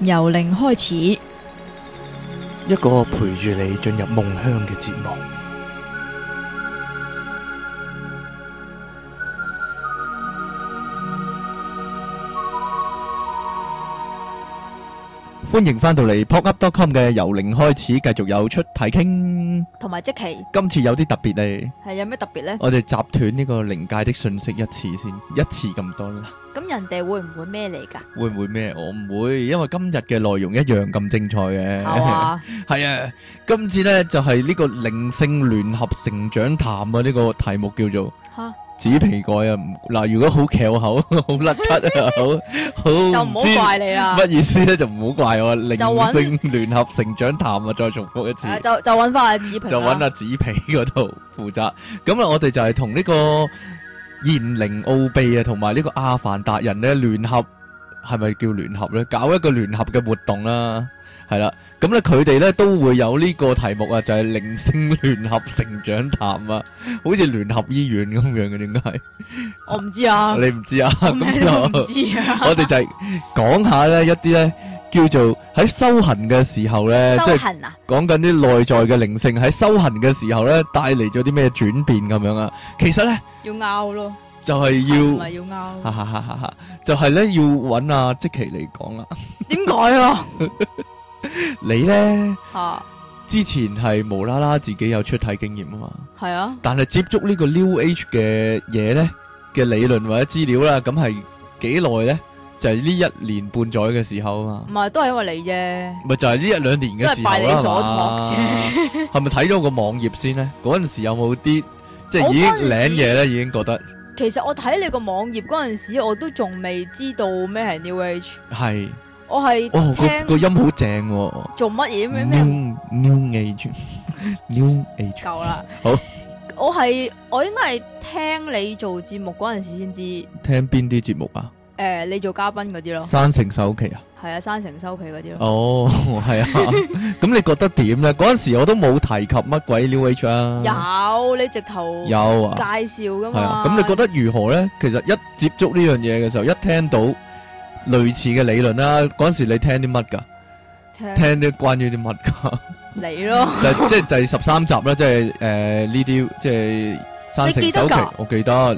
由零開始，一個陪住你進入夢鄉嘅節目。歡迎翻到嚟 pop up.com 嘅由零開始，繼續有出睇傾，同埋即期。今次有啲特別咧，係有咩特別咧？我哋集斷呢個靈界的信息一次先，一次咁多啦。咁人哋會唔會咩嚟噶？會唔會咩？我唔會，因為今日嘅內容一樣咁精彩嘅。係啊，今次咧就係呢個靈性聯合成長談啊，呢個題目叫做。紙皮蓋啊，嗱，如果 好翹口， 好甩骨啊，好，好，就唔好怪你啦。乜意思咧？就唔好怪我。靈性聯合成長談啊，再重複一次。就就揾翻阿紙皮。就揾阿紙皮嗰度負責。咁 啊，我哋就係同呢個賢靈奧秘啊，同埋呢個阿凡達人咧聯合，係咪叫聯合咧？搞一個聯合嘅活動啦，啊。係啦，咁咧佢哋咧都會有呢個題目啊，就係靈性聯合成長談啊，好似聯合醫院咁樣嘅，點解？我唔知啊。你唔知啊？咁我唔知啊。我哋就係講下咧一啲咧叫做喺修行嘅時候咧，即係講緊啲內在嘅靈性喺修行嘅時候咧帶嚟咗啲咩轉變咁樣啊。其實咧要拗咯，就係要咪要拗，哈哈哈！就係咧要揾阿積奇嚟講啦。點解啊？你咧，啊、之前係無啦啦自己有出體經驗啊嘛，係啊，但係接觸呢個 New Age 嘅嘢咧嘅理論或者資料啦，咁係幾耐咧？就係、是、呢一年半載嘅時候啊嘛，唔係都係因為你啫，唔係就係、是、呢一兩年嘅時候啦嘛，係咪睇咗個網頁先咧？嗰陣 時有冇啲即係已經領嘢咧？已經覺得，其實我睇你個網頁嗰陣時，我都仲未知道咩係 New Age 係。我係聽個音好正，做乜嘢咩咩？New New Age New Age 夠啦，好，我係我應該係聽你做節目嗰陣時先知，聽邊啲節目啊？誒，你做嘉賓嗰啲咯，山城收皮啊？係啊，山城收皮嗰啲咯。哦，係啊，咁你覺得點咧？嗰陣時我都冇提及乜鬼 New Age 啊，有你直頭有介紹噶嘛？係啊，咁你覺得如何咧？其實一接觸呢樣嘢嘅時候，一聽到。類似嘅理論啦，嗰陣時你聽啲乜㗎？聽啲關於啲乜㗎？你 咯，即係第十三集啦，即係誒呢啲即係三成首期。記我記得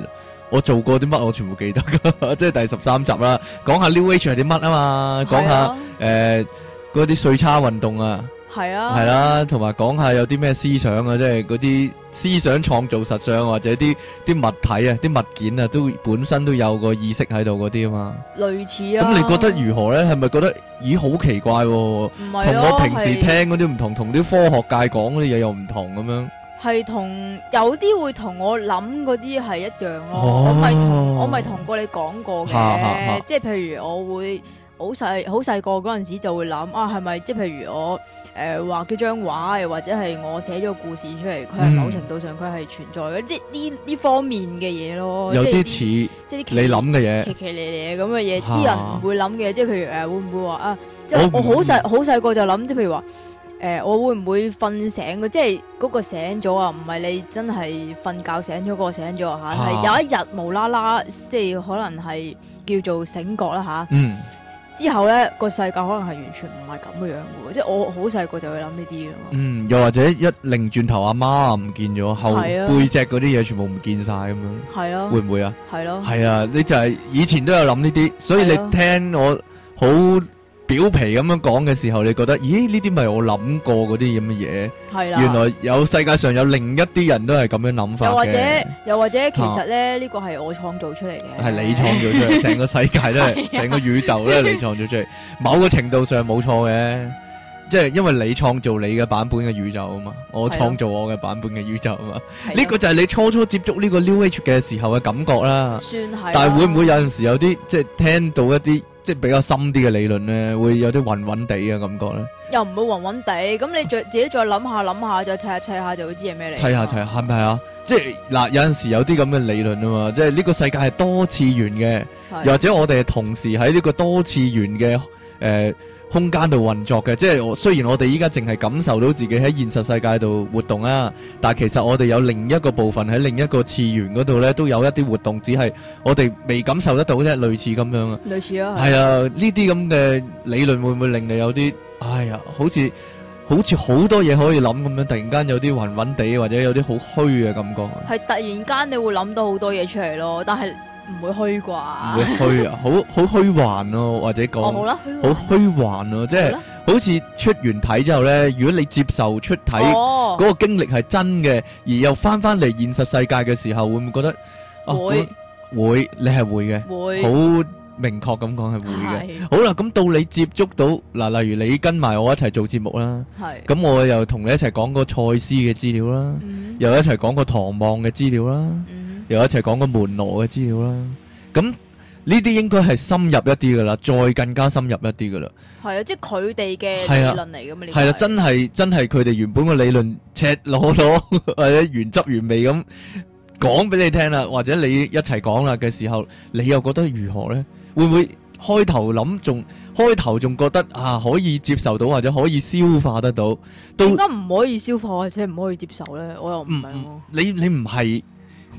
我做過啲乜，我全部記得㗎， 即係第十三集啦，講下 New Age 係啲乜啊嘛， 講下誒嗰啲歲差運動啊。係啊，係啦、嗯，同埋講下有啲咩思想啊，即係嗰啲思想創造實相，或者啲啲物體啊、啲物件啊，都本身都有個意識喺度嗰啲啊嘛。類似啊。咁你覺得如何咧？係咪覺得咦好奇怪、啊？唔係、啊，同我平時聽嗰啲唔同，同啲係、科學界講嗰啲嘢又唔同咁樣。係同有啲會同我諗嗰啲係一樣咯、啊哦。我咪我咪同過你講過嘅，啊啊啊、即係譬如我會好細好細個嗰陣時就會諗啊，係咪即係譬如我。誒，畫咗張畫，又或者係我寫咗個故事出嚟，佢係某程度上佢係存在嘅，即係呢呢方面嘅嘢咯。有啲似即係啲你諗嘅嘢，奇奇咧咧咁嘅嘢，啲人唔會諗嘅。即係譬如誒，會唔會話啊？即係我好細好細個就諗，即係譬如話誒、呃，我會唔會瞓醒嘅即係嗰個醒咗、那個、啊？唔係你真係瞓覺醒咗個醒咗啊？吓，係有一日無啦啦，即係可能係叫做醒覺啦吓。啊嗯之後咧，個世界可能係完全唔係咁嘅樣嘅喎，即係我好細個就會諗呢啲嘅嘛。嗯，又或者一擰轉頭，阿媽唔見咗，後背脊嗰啲嘢全部唔見晒咁樣。係咯、啊，會唔會啊？係咯、啊，係啊，啊，你就係以前都有諗呢啲，所以你聽我好。表皮咁樣講嘅時候，你覺得，咦？呢啲咪我諗過嗰啲咁嘅嘢？係啦的，原來有世界上有另一啲人都係咁樣諗法。又或者，又或者，其實咧呢、啊、個係我創造出嚟嘅。係你創造出嚟，成個世界都係，成 的個宇宙咧你創造出嚟。 某個程度上冇錯嘅，即係因為你創造你嘅版本嘅宇宙啊嘛，我創造我嘅版本嘅宇宙啊嘛。呢的個就係你初初接觸呢個 New Age 嘅時候嘅感覺啦。 的但係會唔會有陣時有啲即係聽到一啲？即係比較深啲嘅理論咧，會有啲暈暈哋嘅感覺咧。又唔會暈暈哋，咁你再自己再諗下諗下，再砌下砌下，就會知係咩嚟。砌下砌下，係咪啊？即係嗱，有陣時有啲咁嘅理論啊嘛，即係呢個世界係多次元嘅，又是或者我哋同時喺呢個多次元嘅誒，呃空間度運作嘅，即係我雖然我哋依家淨係感受到自己喺現實世界度活動啊，但係其實我哋有另一個部分喺另一個次元嗰度呢，都有一啲活動，只係我哋未感受得到啫，類似咁樣啊。類似咯。係啊，呢啲咁嘅理論會唔會令你有啲，哎呀，好似好似好多嘢可以諗咁樣，突然間有啲混混地，或者有啲好虛嘅感覺？係突然間你會諗到好多嘢出嚟咯，但係。唔會虛、 哦哦、虛啩，唔會虛啊，好好虛幻咯，或者講好虛幻咯，即係好似出完體之後呢，如果你接受出體嗰、哦、 個經歷係真嘅，而又翻翻嚟現實世界嘅時候，會唔會覺得、啊、會、嗰個、會？你係會嘅，會好。明確咁講係會嘅，好啦，咁到你接觸到嗱，例如你跟埋我一齊做節目啦，咁我又同你一齊講過賽斯嘅資料啦，又一齊講過唐望嘅資料啦，又一齊講過門羅嘅資料啦，咁呢啲應該係深入一啲噶啦，再更加深入一啲噶啦，係啊，即係佢哋嘅理論嚟噶嘛，係啊，真係真係佢哋原本嘅理論赤裸裸或者原汁原味咁。講俾你聽啦，或者你一齊講啦嘅時候，你又覺得如何呢？會唔會開頭諗仲開頭仲覺得啊可以接受到或者可以消化得到？點解唔可以消化或者唔可以接受呢？我又唔明、嗯嗯。你唔係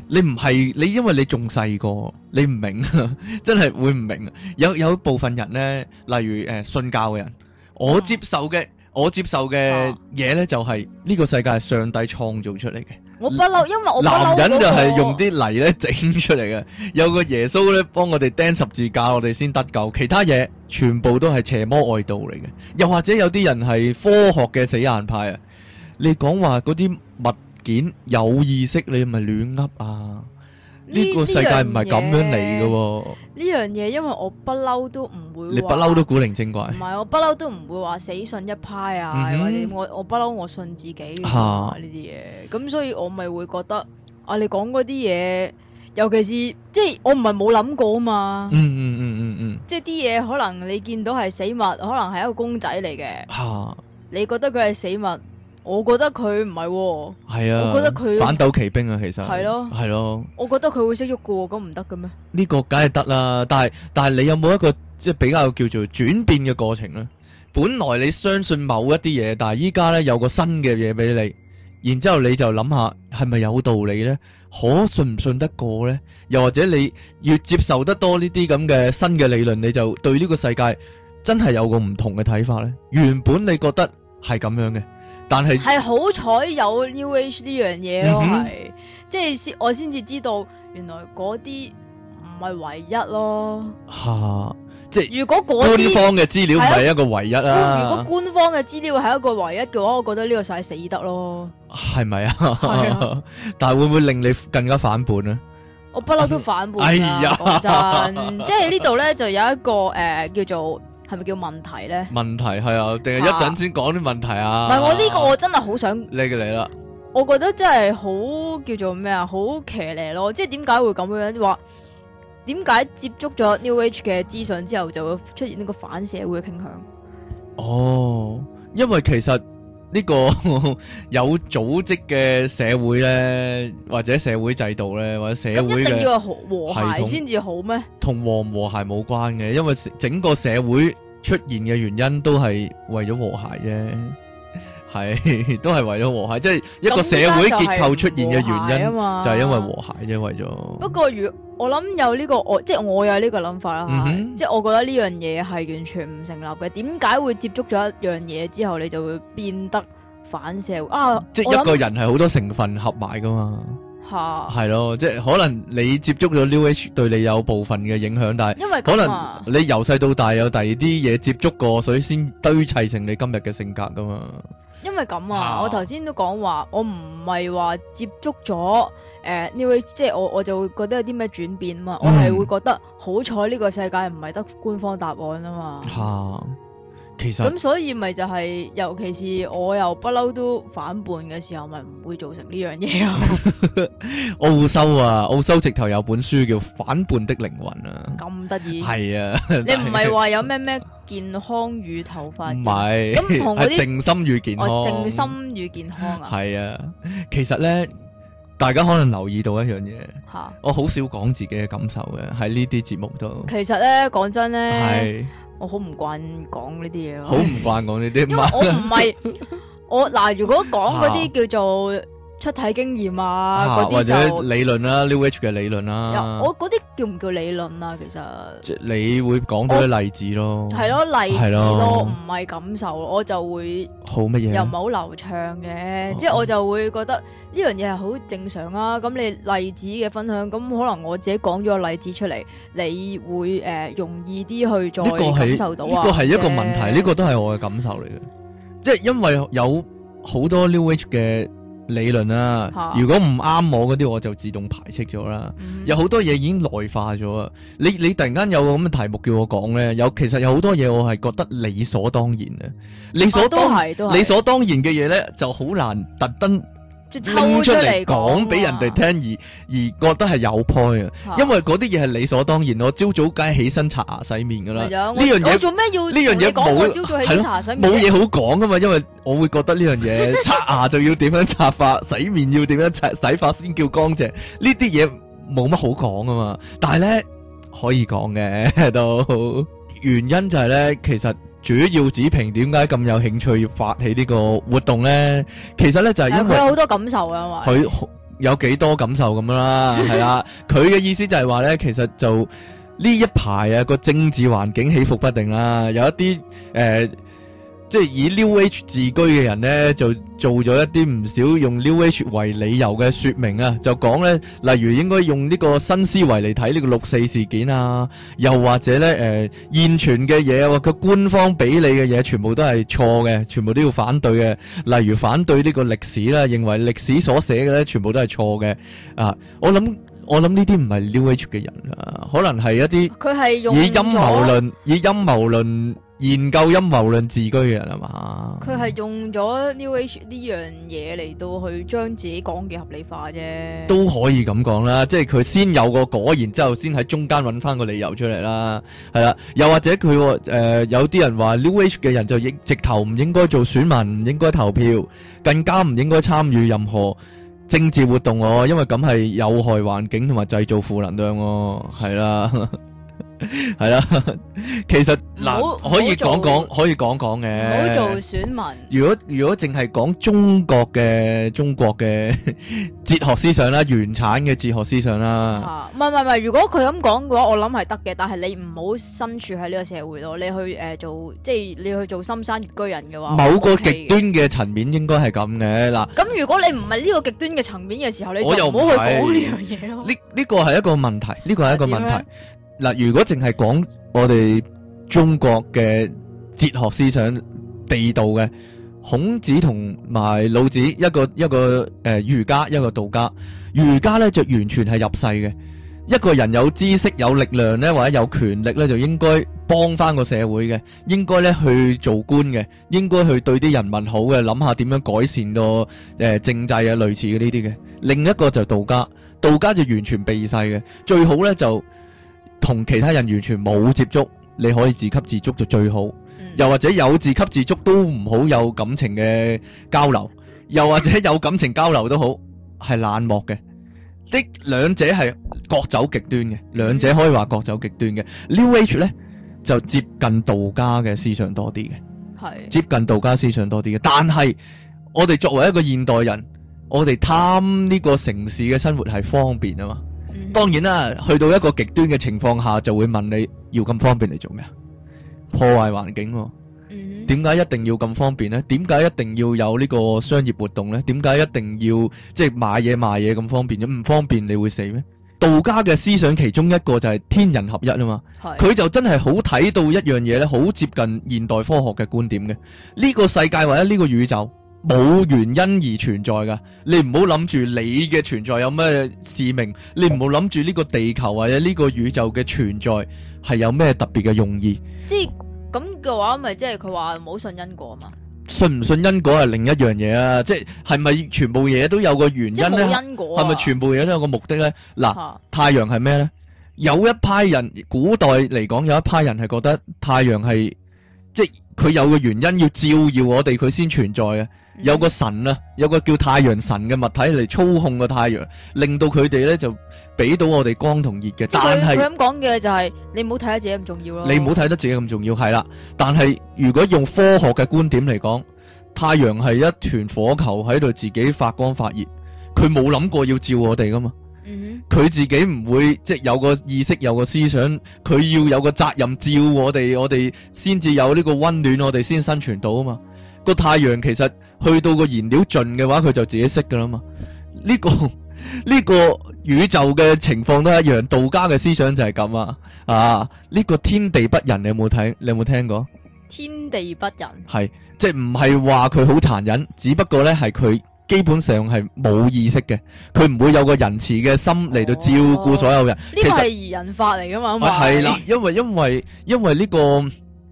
你唔係你，你，因為你仲細個，你唔明， 真係會唔明。有有部分人呢，例如誒、呃、信教嘅人，我接受嘅、嗯、我接受嘅嘢呢，就係、是、呢個世界係上帝創造出嚟嘅。我不嬲，因為我男人就係用啲泥咧整出嚟嘅。有個耶穌咧幫我哋釘十字架，我哋先得救。其他嘢全部都係邪魔外道嚟嘅。又或者有啲人係科學嘅死硬派啊！你講話啲物件有意識，你咪亂噏啊！呢個世界唔係咁樣嚟嘅，哦。呢樣嘢，因為我不嬲都唔會，你不嬲都古靈精怪。唔係，我不嬲都唔會話死信一派啊，嗯、哼或者我我不嬲我信自己呢啲嘢。咁哈所以我咪會覺得啊，你講嗰啲嘢，尤其是即係我唔係冇諗過啊嘛。嗯，嗯嗯嗯嗯嗯。即係啲嘢可能你見到係死物，可能係一個公仔嚟嘅。吓哈，你覺得佢係死物？我覺得佢唔係喎，係啊，我覺得佢反斗奇兵啊，其實係咯，係咯，啊。啊，我覺得佢會識喐嘅，咁唔得嘅咩？呢個梗係得啦，但係但係你有冇一個即係比較叫做轉變嘅過程咧？本來你相信某一啲嘢，但係依家咧有個新嘅嘢俾你，然之後你就諗下係咪有道理咧？可信唔信得過咧？又或者你要接受得多呢啲咁嘅新嘅理論，你就對呢個世界真係有個唔同嘅睇法咧？原本你覺得係咁樣嘅。但係係好彩有 new age 呢樣嘢，即係先我先至知道，原來嗰啲唔係唯一咯。吓，即係如果官方嘅資料唔係一個唯一啦，如果官方嘅資料係一個唯一嘅話，我覺得呢個晒死得咯。係咪啊？但會唔會令你更加反叛咧？我不嬲都反叛。哎呀，即係呢度咧就有一個誒叫做。係咪叫問題咧？問題係啊，定係一陣先講啲問題啊？唔係、啊、我呢個我真係好想呢嘅你啦！我覺得真係好叫做咩啊？好騎呢咯，即係，點解會咁樣？你話點解接觸咗 New Age 嘅資訊之後，就會出現呢個反社會嘅傾向？哦，因為其實。呢這個 有組織嘅社會咧，或者社會制度咧，或者社會嘅一定要和和諧先至好咩？同和唔和諧冇關嘅，因為整個社會出現嘅原因都係為咗和諧啫。係，都係為咗和諧，即係一個社會結構出現嘅原因啊嘛，就係因為和諧啫，為咗。不過如我諗有呢個我，即係我有呢個諗法啦，即係我覺得呢樣嘢係完全唔成立嘅。點解會接觸咗一樣嘢之後，你就會變得反社會？即係一個人係好多成分合埋噶嘛？吓，係咯，即係可能你接觸咗 New Age，對你有部分嘅影響，但係因為可能你由細到大有第二啲嘢接觸過，所以先堆砌成你今日嘅性格噶嘛。因為咁啊，啊我頭先都講話，我唔係話接觸咗誒，你會即係我我就會覺得有啲咩轉變啊嘛，嗯、我係會覺得好彩呢個世界唔係得官方答案啊嘛。啊咁所以咪就係、是，尤其是我又不嬲都反叛嘅時候，咪唔會造成呢樣嘢 啊？澳洲啊，澳洲直頭有本書叫《反叛的靈魂》啊，咁得意係啊！你唔係話有咩咩健康與頭髮唔係咁同嗰啲靜心與健康靜、哦、心與健康啊？係啊，其實咧，大家可能留意到一樣嘢，哈我好少講自己嘅感受嘅喺呢啲節目度。其實咧，講真咧。係。我好唔慣講呢啲嘢咯，好唔慣講呢啲，因為我唔係 我嗱，如果講嗰啲叫做。出體經驗啊，或者理論啦，New Age 嘅理論啦。我嗰啲叫唔叫理論啊？其實你會講多啲例子咯，係咯例子咯，唔係感受，我就會好乜嘢，又唔係好流暢嘅，即係我就會覺得呢樣嘢係好正常啊。咁你例子嘅分享，咁可能我自己講咗個例子出嚟，你會誒容易啲去再感受到啊。呢個係一個問題，呢個都係我嘅感受嚟嘅，即係因為有好多 New Age 嘅。理論啦、啊，啊、如果唔啱我嗰啲，我就自動排斥咗啦。嗯、有好多嘢已經內化咗啦。你你突然間有個咁嘅題目叫我講呢？有其實有好多嘢我係覺得理所當然嘅，理所、啊、理所當然嘅嘢呢，就好難特登抽出嚟講俾人哋聽而而覺得係有 point 啊，因為嗰啲嘢係理所當然。我朝早梗係起身刷牙洗面噶啦。呢、啊、樣嘢做咩要？呢樣嘢冇係咯，冇嘢、啊、好講噶嘛。因為我會覺得呢樣嘢，刷牙就要點樣刷法， 洗面要點樣洗洗法先叫乾淨。呢啲嘢冇乜好講噶嘛。但係咧可以講嘅都原因就係咧，其實。主要指評點解咁有興趣發起呢個活動呢？其實呢，就係、是、因為佢有好多感受啊嘛。佢有幾多感受咁、啊、啦，係啦、 啊。佢嘅意思就係話呢，其實就呢一排啊個政治環境起伏不定啦、啊，有一啲誒。呃即係以 New Age 自居嘅人呢，就做咗一啲唔少用 New Age 為理由嘅説明啊，就講呢，例如應該用呢個新思維嚟睇呢個六四事件啊，又或者呢，誒、呃、現存嘅嘢或佢官方俾你嘅嘢，全部都係錯嘅，全部都要反對嘅。例如反對呢個歷史啦，認為歷史所寫嘅呢，全部都係錯嘅啊。我諗。我諗呢啲唔係 New Age 嘅人啊，可能係一啲佢係用以陰謀論，以陰謀論研究陰謀論自居嘅人係嘛？佢係用咗 New Age 呢樣嘢嚟到去將自己講嘅合理化啫。都可以咁講啦，即係佢先有個果然，然之後先喺中間揾翻個理由出嚟啦。係啦，又或者佢誒、呃，有啲人話 New Age 嘅人就直頭唔應該做選民，唔應該投票，更加唔應該參與任何。政治活動喎，因為咁係有害環境同埋製造負能量喎，係啦。 係 實別啦，其實嗱，可以講講，做可以講講嘅。唔好做選民。如果如果淨係講中國嘅中國嘅哲學思想啦，原產嘅哲學思想啦，唔係唔係唔係。如果佢咁講嘅話，我諗係得嘅。但係你唔好身處喺呢個社會咯。你去誒、呃、做，即係你去做深山野居人嘅話，某個極端嘅層面應該係咁嘅嗱。咁如果你唔係呢個極端嘅層面嘅時候，你就唔好去講呢樣嘢咯。呢呢個係一個問題，呢個係一個問題。嗱，如果淨係講我哋中國嘅哲學思想地道嘅，孔子同埋老子一個一個誒，儒家一個道家。儒家呢就完全係入世嘅，一個人有知識有力量呢，或者有權力呢，就應該幫翻個社會嘅，應該呢去做官嘅，應該去對啲人民好嘅，諗下點樣改善個誒政制啊，類似嘅呢啲嘅。另一個就道家，道家就完全避世嘅，最好呢就。同其他人完全冇接觸，你可以自給自足就最好；又或者有自給自足都唔好有感情嘅交流，又或者有感情交流都好，係冷漠嘅。啲兩者係各走極端嘅，兩者可以話各走極端嘅。New Age 咧就接近道家嘅思想多啲嘅，係接近道家思想多啲嘅。但係我哋作為一個現代人，我哋貪呢個城市嘅生活係方便啊嘛。當然啦，去到一個極端嘅情況下，就會問你要咁方便嚟做咩啊？破壞環境，哦，點解、嗯、哼一定要咁方便呢？點解一定要有呢個商業活動呢？點解一定要即係、就是、買嘢賣嘢咁方便？咁唔方便你會死咩？道家嘅思想其中一個就係天人合一啊嘛，佢是就真係好睇到一樣嘢咧，好接近現代科學嘅觀點嘅呢、呢個世界或者呢個宇宙。冇原因而存在噶，你唔好諗住你嘅存在有咩使命，你唔好諗住呢個地球或者呢個宇宙嘅存在係有咩特別嘅用意。即係咁嘅話，咪即係佢話唔好信因果啊嘛。信唔信因果係另一樣嘢啊，即係係咪全部嘢都有個原因呢？係咪、啊、全部嘢都有個目的呢？嗱、啊、太陽係咩呢？有一派人古代嚟講，有一派人係覺得太陽係，即係佢有個原因要照耀我哋，佢先存在啊。有個神啊，有個叫太陽神嘅物體嚟操控個太陽，令到佢哋咧就俾到我哋光同熱嘅。但係佢咁講嘅就係、是、你唔好睇得自己咁重要咯。你唔好睇得自己咁重要係啦。但係如果用科學嘅觀點嚟講，太陽係一團火球喺度自己發光發熱，佢冇諗過要照我哋噶嘛。佢、嗯、哼自己唔會即係有個意識、有個思想，佢要有個責任照我哋，我哋先至有呢個溫暖，我哋先生存到啊嘛。個太陽其實。去到個燃料盡嘅話，佢就自己熄噶啦嘛。呢個呢個宇宙嘅情況都一樣。道家嘅思想就係咁啊。啊，呢個天地不仁，你有冇睇？你有冇聽過？天地不仁，係即係唔係話佢好殘忍，只不過呢係佢基本上係冇意識嘅，佢唔會有個仁慈嘅心嚟到照顧所有人。哦，呢個係擬人法嚟噶嘛？係啦、啊，因為因為因為呢個。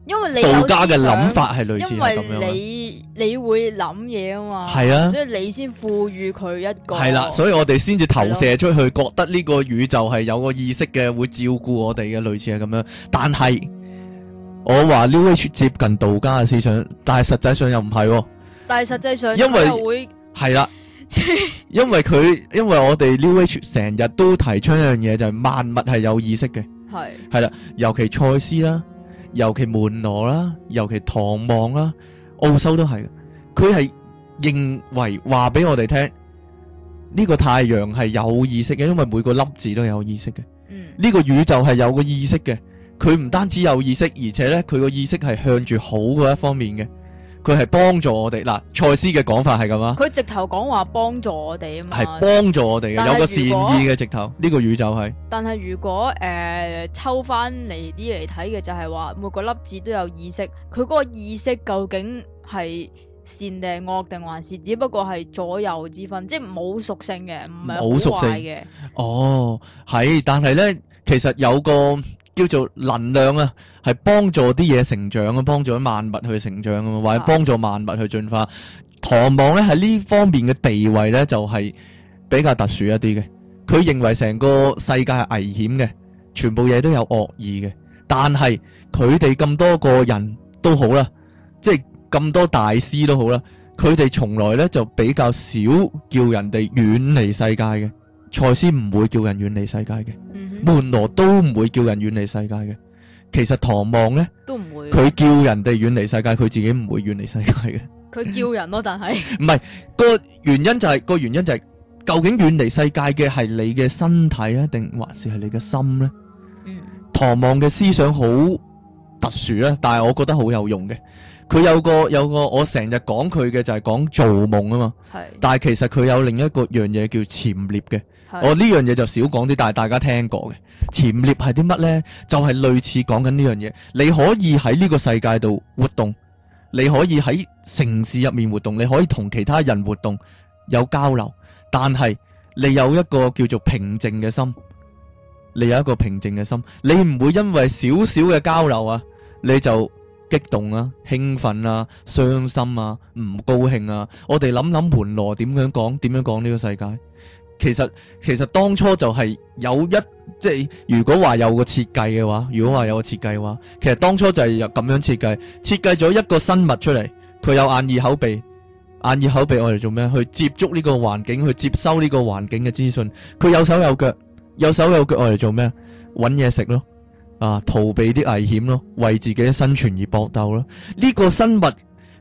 因為你道家嘅諗法係類似係咁樣你，你你會諗嘢啊嘛，啊，啊，所以你先賦予佢一個。係啦，所以我哋先至投射出去，啊、覺得呢個宇宙係有個意識嘅，會照顧我哋嘅，類似係咁樣。但係我話 New Age 接近道家嘅思想，但係實際上又唔係、哦。但係實際上因為會係啦，因為佢因為我哋 New Age 成日都提倡一樣嘢，就係、係、萬物係有意識嘅。係係啦，尤其賽斯啦。尤其門羅啦，尤其唐望啦，奧修都係，佢係認為話俾我哋聽，呢個太陽係有意識嘅，因為每個粒子都有意識嘅，呢個宇宙係有個意識嘅，佢唔單止有意識，而且呢，佢個意識係向住好嗰一方面嘅。佢係幫助我哋，嗱，賽斯嘅講法係咁啊，佢直頭講話幫助我哋啊嘛，係幫助我哋嘅，有個善意嘅直頭，呢果個宇宙係。但係如果誒、呃、抽翻嚟啲嚟睇嘅就係話，每個粒子都有意識，佢嗰個意識究竟係善定惡定還是只不過係左右之分，即係冇屬性嘅，唔係好壞嘅。哦，係，但係咧，其實有個。叫做能量啊，係幫助啲嘢成長啊，幫助萬物去成長啊，或者幫助萬物去進化。唐望咧喺呢方面嘅地位咧就係比較特殊一啲嘅。佢認為成個世界係危險嘅，全部嘢都有惡意嘅。但係佢哋咁多個人都好啦，即係咁多大師都好啦，佢哋從來咧就比較少叫人哋遠離世界嘅。賽斯唔會叫人遠離世界嘅，門羅都唔會叫人遠離世界嘅。其實唐望咧都唔會，佢叫人哋遠離世界，佢自己唔會遠離世界嘅。佢叫人咯，但係唔係個原因就係個原因就係究竟遠離世界嘅係你嘅身體啊，定還是係你嘅心咧？唐望嘅思想好特殊啦，但係我覺得好有用嘅。佢有個有個我成日講佢嘅就係講做夢啊嘛，但係其實佢有另一個樣嘢，叫潛獵嘅。我呢樣嘢就少講啲，但係大家聽過嘅潛力係啲乜呢？就係類似講緊呢樣嘢，你可以喺呢個世界度活動，你可以喺城市入面活動，你可以同其他人活動有交流，但係你有一個叫做平靜嘅心，你有一個平靜嘅心，你唔會因為少少嘅交流啊，你就激動啊、興奮啊、傷心啊、唔高興啊。我哋諗諗門羅點樣講，點樣講呢個世界。其實其實當初就係有一，即係如果話有個設計嘅話，如果話有個設計嘅話，其實當初就係咁樣設計，設計咗一個生物出嚟，佢有眼耳口鼻，眼耳口鼻我嚟做咩？去接觸呢個環境，去接收呢個環境嘅資訊。佢有手有腳，有手有腳我嚟做咩？搵嘢食咯，啊，逃避啲危險咯，為自己嘅生存而搏鬥咯。呢個生物。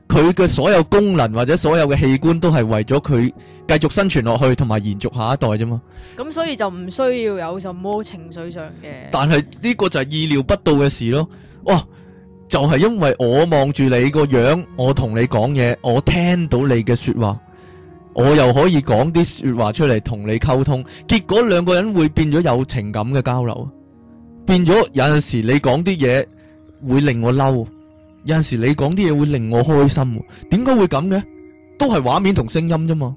佢嘅所有功能或者所有嘅器官都係為咗佢繼續生存落去同埋延續下一代啫嘛。咁所以就唔需要有什麼情緒上嘅。但係呢個就係意料不到嘅事咯。哇！就係因為我望住你個樣，我同你講嘢，我聽到你嘅說話，我又可以講啲說話出嚟同你溝通，結果兩個人會變咗有情感嘅交流，變咗有陣時你講啲嘢會令我嬲。有陣時你講啲嘢會令我開心，點解會咁嘅？都係畫面同聲音啫嘛。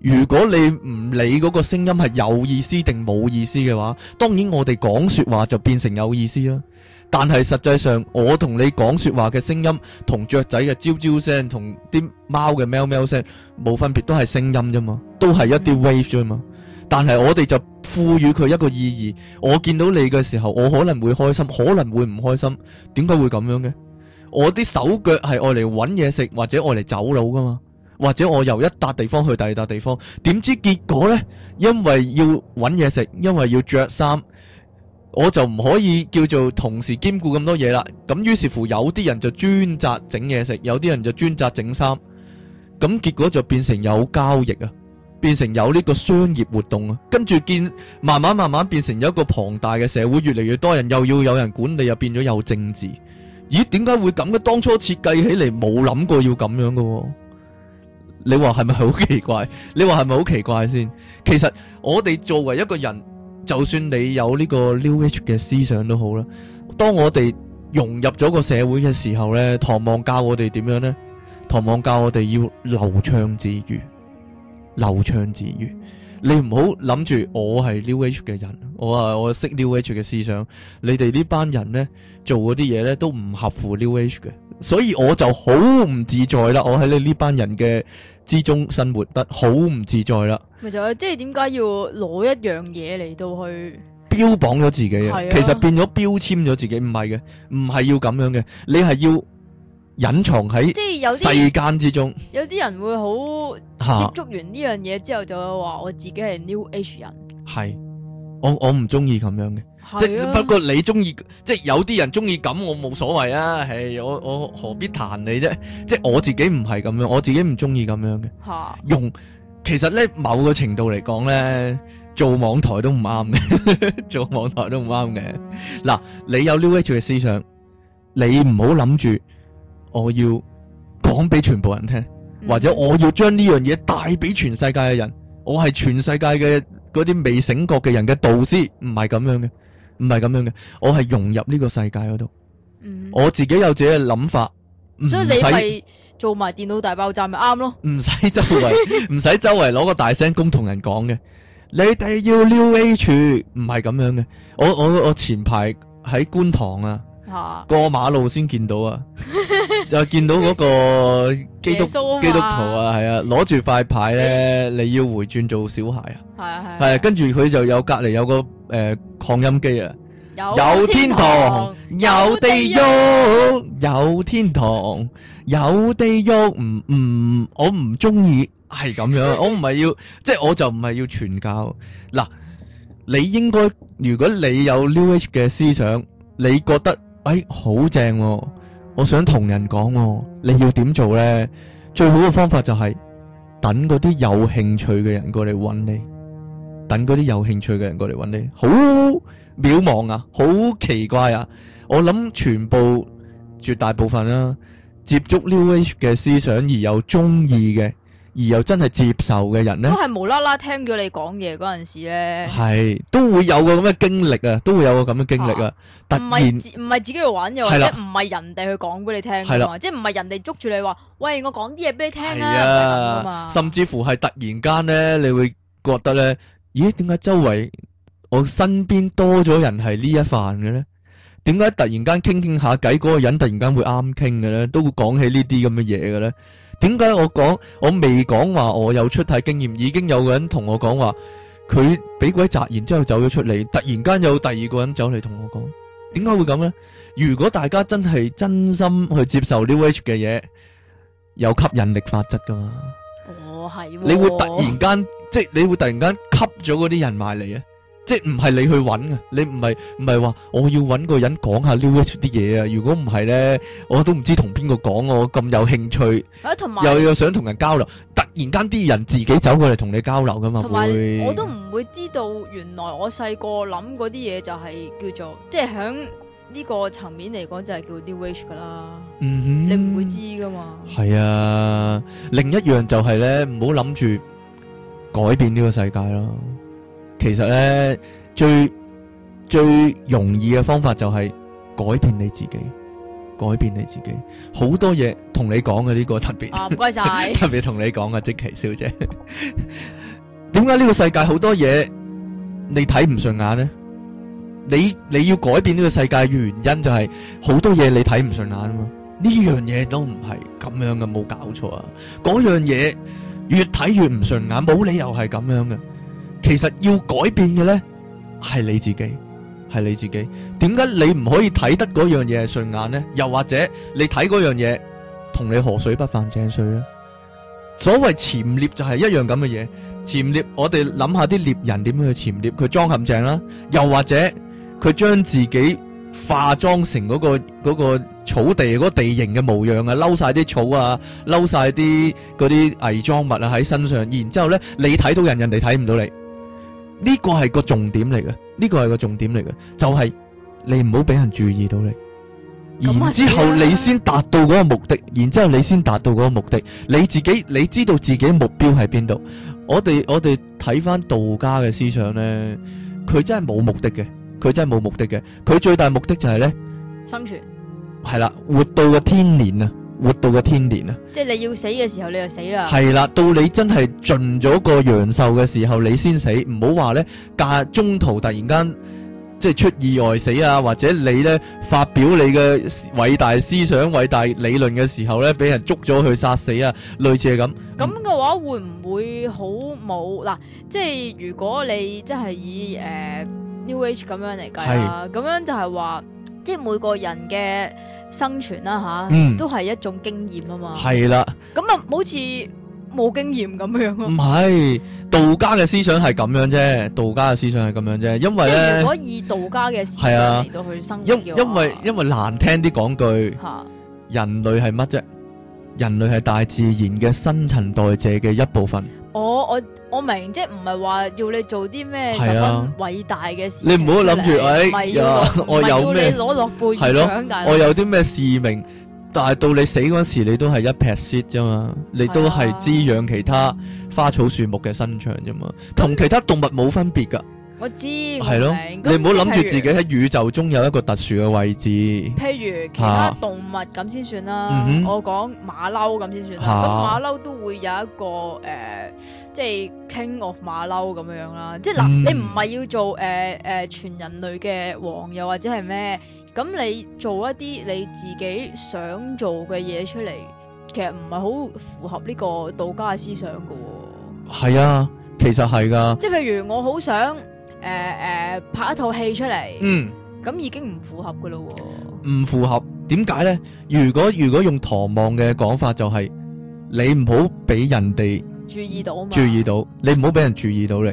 如果你唔理嗰個聲音係有意思定冇意思嘅話，當然我哋講說話就變成有意思啦。但係實際上我同你講說話嘅聲音，同雀仔嘅啾啾聲，同啲貓嘅喵喵聲冇分別，都係聲音啫嘛，都係一啲 wave 啫嘛。但係我哋就賦予佢一個意義。我見到你嘅時候，我可能會開心，可能會唔開心。點解會咁樣嘅？我啲手腳係愛嚟揾嘢食，或者愛嚟走佬噶嘛，或者我由一笪地方去第二笪地方。點知結果呢？因為要揾嘢食，因為要着衫，我就唔可以叫做同時兼顧咁多嘢啦。咁於是乎有，有啲人就專責整嘢食，有啲人就專責整衫。咁結果就變成有交易啊，變成有呢個商業活動啊。跟住見慢慢慢慢變成有一個龐大嘅社會，越嚟越多人又要有人管理，又變咗有政治。咦？點解會咁嘅？當初設計起嚟，冇諗過要咁樣嘅哦。你話係咪好奇怪？你話係咪好奇怪先？其實我哋作為一個人，就算你有呢個 New Age 嘅思想都好啦。當我哋融入咗個社會嘅時候咧，唐望教我哋點樣咧？唐望教我哋要流暢自如，流暢自如。你唔好諗住我係 New Age 嘅人，我啊我識 New Age 嘅思想，你哋呢班人咧做嗰啲嘢咧都唔合乎 New Age 嘅，所以我就好唔自在啦。我喺你呢班人嘅之中生活得好唔自在啦。咪就係即係點解要攞一樣嘢嚟到去標榜咗自己，啊、其實變咗標籤咗自己，唔係嘅，唔係要咁樣嘅，你係要。隱藏喺即係有啲世間之中，有啲人會好接觸完呢樣嘢之後，就會話我自己係 New Age 人。係我我唔中意咁樣嘅。即係不過你中意，即係有啲人中意咁，我冇所謂啊。係我我何必彈你啫？即係我自己唔係咁樣，我自己唔中意咁樣嘅吓用。其實咧，某個程度嚟講咧，做網台都唔啱嘅。做網台都唔啱嘅嗱。你有 New Age 嘅思想，你唔好諗住。我要講俾全部人聽，或者我要將呢樣嘢帶俾全世界嘅人，我係全世界嘅嗰啲未醒覺嘅人嘅導師，唔係咁樣嘅，唔係咁樣嘅，我係融入呢個世界嗰度，嗯、我自己有自己嘅諗法，所以你係用做埋電腦大爆炸咪啱咯，唔使周圍，唔使 周圍攞個大聲公同人講嘅，你哋要 new h，唔係咁樣嘅，我我我前排喺觀塘啊。過馬路先見到啊， 就見到嗰個基督 基督徒啊，係啊，攞住塊牌咧， 你要回轉做小孩啊，係 啊係，係、啊啊啊、跟住佢就有隔籬有個誒擴、呃、音機啊，有天堂有地獄，有，地有天堂有地獄，唔唔、 嗯嗯、我唔中意係咁樣， 我唔係要即係、就是、我就唔係要傳教嗱，你應該如果你有 New Age 嘅思想，你覺得？哎，好正，喎，我想同人講，喎，你要點做呢？最好嘅方法就係、是、等嗰啲有興趣嘅人過嚟揾你，等嗰啲有興趣嘅人過嚟揾你，好渺茫啊，好奇怪啊！我諗全部絕大部分啦、啊，接觸 New Age 嘅思想而又中意嘅。而又真係接受嘅人咧，都係無啦啦聽咗你講嘢嗰陣時咧，係都會有個咁嘅經歷啊，都會有個咁嘅經歷啊。唔係唔係自己去玩嘅，或者唔係人哋去講俾你聽嘅嘛，的即係唔係人哋捉住你話，喂，我講啲嘢俾你聽啊，的甚至乎係突然間咧，你會覺得咧，咦，點解周圍我身邊多咗人係呢一範嘅咧？點解突然間傾傾下偈嗰、嗰個人突然間會啱傾嘅咧？都會講起呢啲呢啲咁嘅嘢嘅咧？點解我講我未講話我有出體經驗，已經有個人同我講話，佢俾鬼砸，然之後走咗出嚟，突然間有第二個人走嚟同我講，點解會咁呢？如果大家真係真心去接受 New Age 嘅嘢，有吸引力法則噶嘛？哦，係、哦，你會突然間即係你會突然間吸咗嗰啲人埋嚟啊？即係唔係你去揾嘅你唔係唔係話我要揾個人講下 New Age 啲嘢啊。如果唔係咧，我都唔知同邊個講我咁有興趣，又又想同人交流，突然間啲人自己走過嚟，同你交流噶嘛。同埋我都唔會知道，原來我細個諗嗰啲嘢就係叫做，即係響呢個層面嚟講就係叫 New Age 噶啦。嗯哼，你唔會知噶嘛？係啊，另一樣就係咧，唔好諗住改變呢個世界咯。其實咧，最最容易嘅方法就係改變你自己，改變你自己。好多嘢同你講嘅呢個特別，唔該晒。謝謝特別同你講啊，即其小姐。點解呢個世界好多嘢你睇唔順眼呢？你你要改變呢個世界原因就係好多嘢你睇唔順眼啊嘛。呢樣嘢都唔係咁樣嘅，冇搞錯啊。嗰樣嘢越睇越唔順眼，冇理由係咁樣嘅。其實要改變嘅呢，係你自己，係你自己。點解你唔可以睇得嗰樣嘢係順眼呢？又或者你睇嗰樣嘢同你河水不犯井水呢？所謂潛獵就係一樣咁嘅嘢。潛獵，我哋諗下啲獵人點樣去潛獵，佢裝陷阱啦，又或者佢將自己化妝成嗰個嗰個草地嗰個地形嘅模樣啊，撈晒啲草啊，撈晒啲嗰啲偽裝物啊喺身上，然之後呢，你睇到人，人哋睇唔到你。呢個係個重點嚟嘅，呢個係個重點嚟嘅，就係你唔好俾人注意到你，然之後你先達到嗰個目的，然之後你先達到嗰個目的。你自己你知道自己目標喺邊度？我哋我哋睇翻道家嘅思想呢，佢真係冇目的嘅，佢真係冇目的嘅，佢最大目的就係呢，生存，係啦，活到個天年啊！活到個天年啊！即係你要死嘅時候，你就死啦。係啦，到你真係盡咗個陽壽嘅時候，你先死。唔好話咧，駕中途突然間即係出意外死啊，或者你咧發表你嘅偉大思想、偉大理論嘅時候咧，俾人捉咗去殺死啊，類似係咁。咁嘅話會唔會好冇嗱？即係如果你即係以誒、呃、New Age 咁樣嚟計啦，咁是樣就係話。即係每個人嘅生存啦吓，嗯，都係一種經驗啊嘛。係啦，咁啊，好似冇經驗咁樣咯。唔係，道家嘅思想係咁樣啫，道家嘅思想係咁樣啫，因為咧，如果以道家嘅思想嚟到去生活，因因為因為難聽啲講句，人類係乜啫？人類係大自然嘅新陳代謝嘅一部分。我我我明，即係唔係話要你做啲咩十分偉大嘅事。你唔好諗住，哎呀，我有咩攞落背？係咯，我有啲咩使命？但係到你死嗰時，你都係一撇 shit 啫嘛，你都係滋養其他花草樹木嘅生長啫嘛，同其他動物冇分別㗎。我知，係咯，你唔好諗住自己喺宇宙中有一個特殊嘅位置。譬如其他動物咁先、啊、算啦，嗯、哼我講馬騮咁先算啦。咁馬騮都會有一個誒、呃，即係 King of 馬騮咁樣啦。即係嗱，嗯、你唔係要做誒誒、呃呃、全人類嘅王，又或者係咩？咁你做一啲你自己想做嘅嘢出嚟，其實唔係好符合呢個道家嘅思想噶。係啊，其實係噶。即係譬如我好想。誒誒，拍一套戲出嚟，咁已經唔符合噶咯。唔符合，點解呢？如果如果用唐望嘅講法，就係你唔好俾人哋注意到啊嘛。注意到，你唔好俾人注意到你。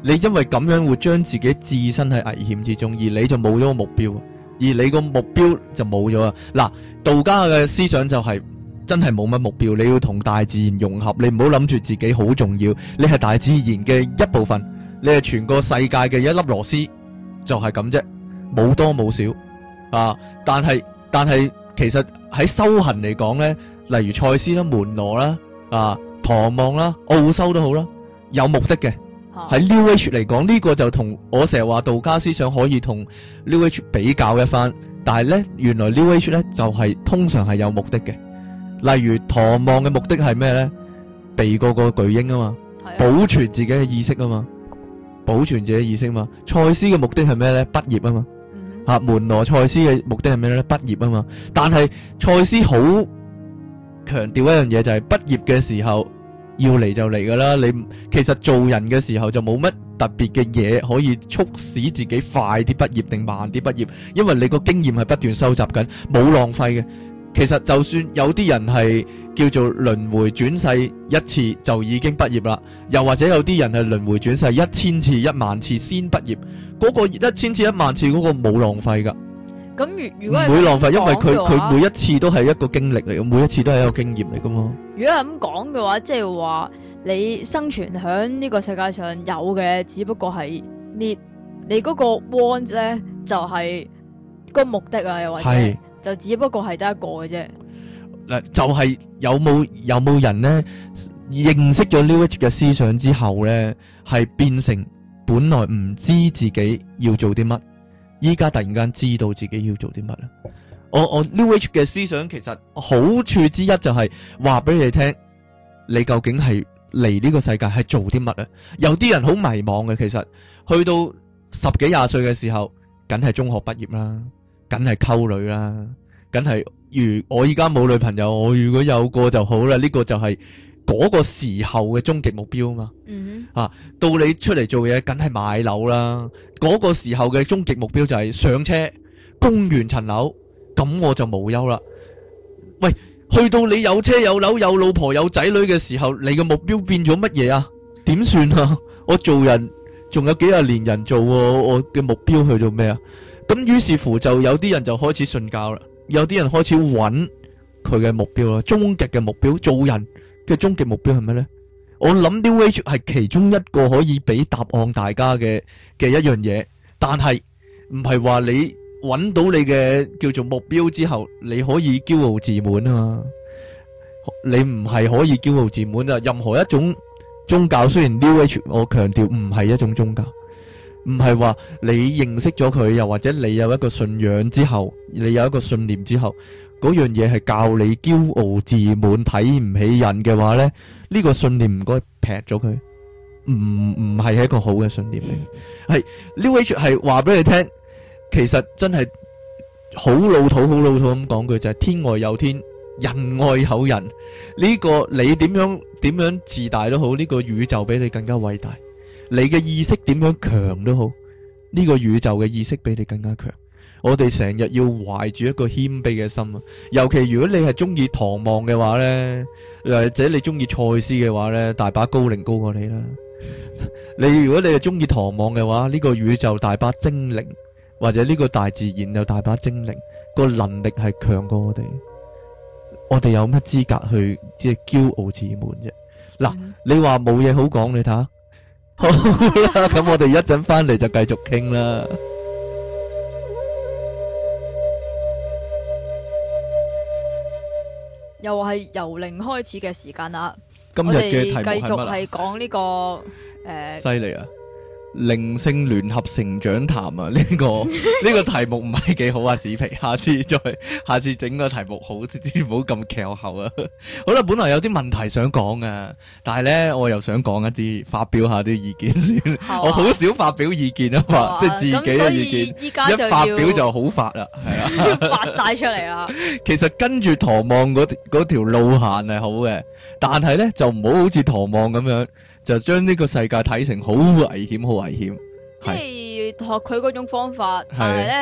你因為咁樣會將自己置身喺危險之中，而你就冇咗個目標，而你個目標就冇咗呀。嗱，道家嘅思想就係真係冇乜目標，你要同大自然融合，你唔好諗住自己好重要，你係大自然嘅一部分。你係全個世界嘅一粒螺絲，就係咁啫，冇多冇少啊！但係但係，其實喺修行嚟講咧，例如賽斯啦、門羅啦、啊、唐望啦、奧修都好啦，有目的嘅。喺、啊、New Age 嚟講，呢、這個就同我成日話道家思想可以同 New Age 比較一番。但係咧，原來 New Age 咧就係、是、通常係有目的嘅。例如唐望嘅目的係咩咧？避過個巨嬰啊嘛，啊保存自己嘅意識啊嘛。保存自己意識嘛，賽斯嘅目的係咩呢？畢業啊嘛，嚇、啊、門羅賽斯嘅目的係咩呢？畢業啊嘛，但係賽斯好強調一樣嘢、就是，就係畢業嘅時候要嚟就嚟㗎啦。你其實做人嘅時候就冇乜特別嘅嘢可以促使自己快啲畢業定慢啲畢業，因為你個經驗係不斷收集緊，冇浪費嘅。其實就算有啲人係叫做輪迴轉世一次就已經畢業啦，又或者有啲人係輪迴轉世一千次一萬次先畢業，嗰、嗰個一千次一萬次嗰個冇浪費噶。咁如如果唔會浪費，因為佢佢每一次都係一個經歷嚟，嘅，每一次都係一個經驗嚟噶嘛。如果係咁講嘅話，即係話你生存喺呢個世界上有嘅，只不過係你你嗰個 want 咧，就係、係、個目的啊，又或者係。就只不過係得一個嘅啫。嗱，就係有冇有冇人咧認識咗 New Age 嘅思想之後咧，係變成本來唔知自己要做啲乜，依家突然間知道自己要做啲乜咧。我我 New Age 嘅思想其實好處之一就係話俾你聽，你究竟係嚟呢個世界係做啲乜咧？有啲人好迷茫嘅，其實去到十幾廿歲嘅時候，梗係中學畢業啦。梗係溝女啦，梗係。如我依家冇女朋友，我如果有個就好啦。呢個就係嗰個時候嘅終極目標啊嘛。嗯哼，啊，到你出嚟做嘢，梗係買樓啦。嗰個時候嘅終極目標就係上車，供完層樓，咁我就無憂啦。喂，去到你有車有樓有老婆有仔女嘅時候，你嘅目標變咗乜嘢啊？點算啊？我做人仲有幾廿年人做，我嘅目標去做咩啊？咁於是乎，就有啲人就開始信教啦，有啲人開始揾佢嘅目標啦，終極嘅目標，做人嘅終極目標係咩呢？我諗 New Age 係其中一個可以俾答案大家嘅嘅一樣嘢，但係唔係話你揾到你嘅叫做目標之後，你可以驕傲自滿啊嘛？你唔係可以驕傲自滿啊！任何一種宗教，雖然 New Age，我強調唔係一種宗教。唔係話你認識咗佢，又或者你有一個信仰之後，你有一個信念之後，嗰樣嘢係教你驕傲自滿、睇唔起人嘅話咧，呢、這個信念唔該劈咗佢，唔唔係一個好嘅信念。係呢位主係話俾你聽，其實真係好老土、好老土咁講句就係、是、天外有天，人外有人。呢、這個你點樣點樣自大都好，呢、這個宇宙比你更加偉大。你嘅意識點樣強都好，呢個宇宙嘅意識比你更加強。我哋成日要懷住一個謙卑嘅心啊！尤其如果你係中意唐望嘅話呢，或者你中意賽斯嘅話呢，大把高齡高過你啦。 你如果你係中意唐望嘅話，呢個宇宙大把精靈，或者呢個大自然有大把精靈，個能力係強過我哋，我哋有乜資格去即係驕傲自滿啫？嗱，嗯，你話冇嘢好講，你睇下。好啦，咁 我哋一陣翻嚟，就繼續傾啦。又係由零開始嘅時間啦。今日嘅題目係我哋繼續係講呢個誒，犀利、 呃、啊！靈性聯合成長談啊！呢、這個呢 個題目唔係幾好啊，紫皮，下次再下次整個題目好啲，唔好咁翹後啊！ 好啦，本來有啲問題想講嘅，但係咧我又想講一啲，發表一下啲意見先。好啊、 我好少發表意見啊嘛，啊即係自己嘅意見。咁所以依家就發表就好發啦，係啊，發晒出嚟啦。其實跟住唐望嗰嗰條路行係好嘅，但係咧就唔好好似唐望咁樣，就將呢個世界睇成好危險好危險。即係學佢嗰種方法，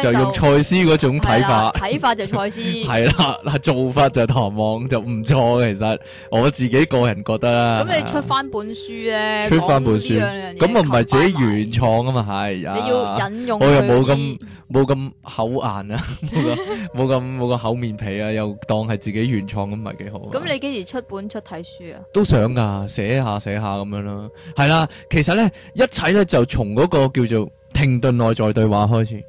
就用蔡司嗰種睇法，睇法就蔡司。係啦，嗱，做法就唐望就唔錯嘅。其實我自己個人覺得啦。咁你出翻本書咧？出翻本書咁啊，唔係自己原創啊嘛，係。你要引用。我又冇咁冇咁厚顏啊，冇咁冇咁冇個厚面皮啊，又當係自己原創咁，唔係幾好。咁你幾時出本出睇書啊？都想噶，寫下寫下咁樣咯。係啦，其實咧，一切咧就從嗰個叫。叫做停頓內在對話開始，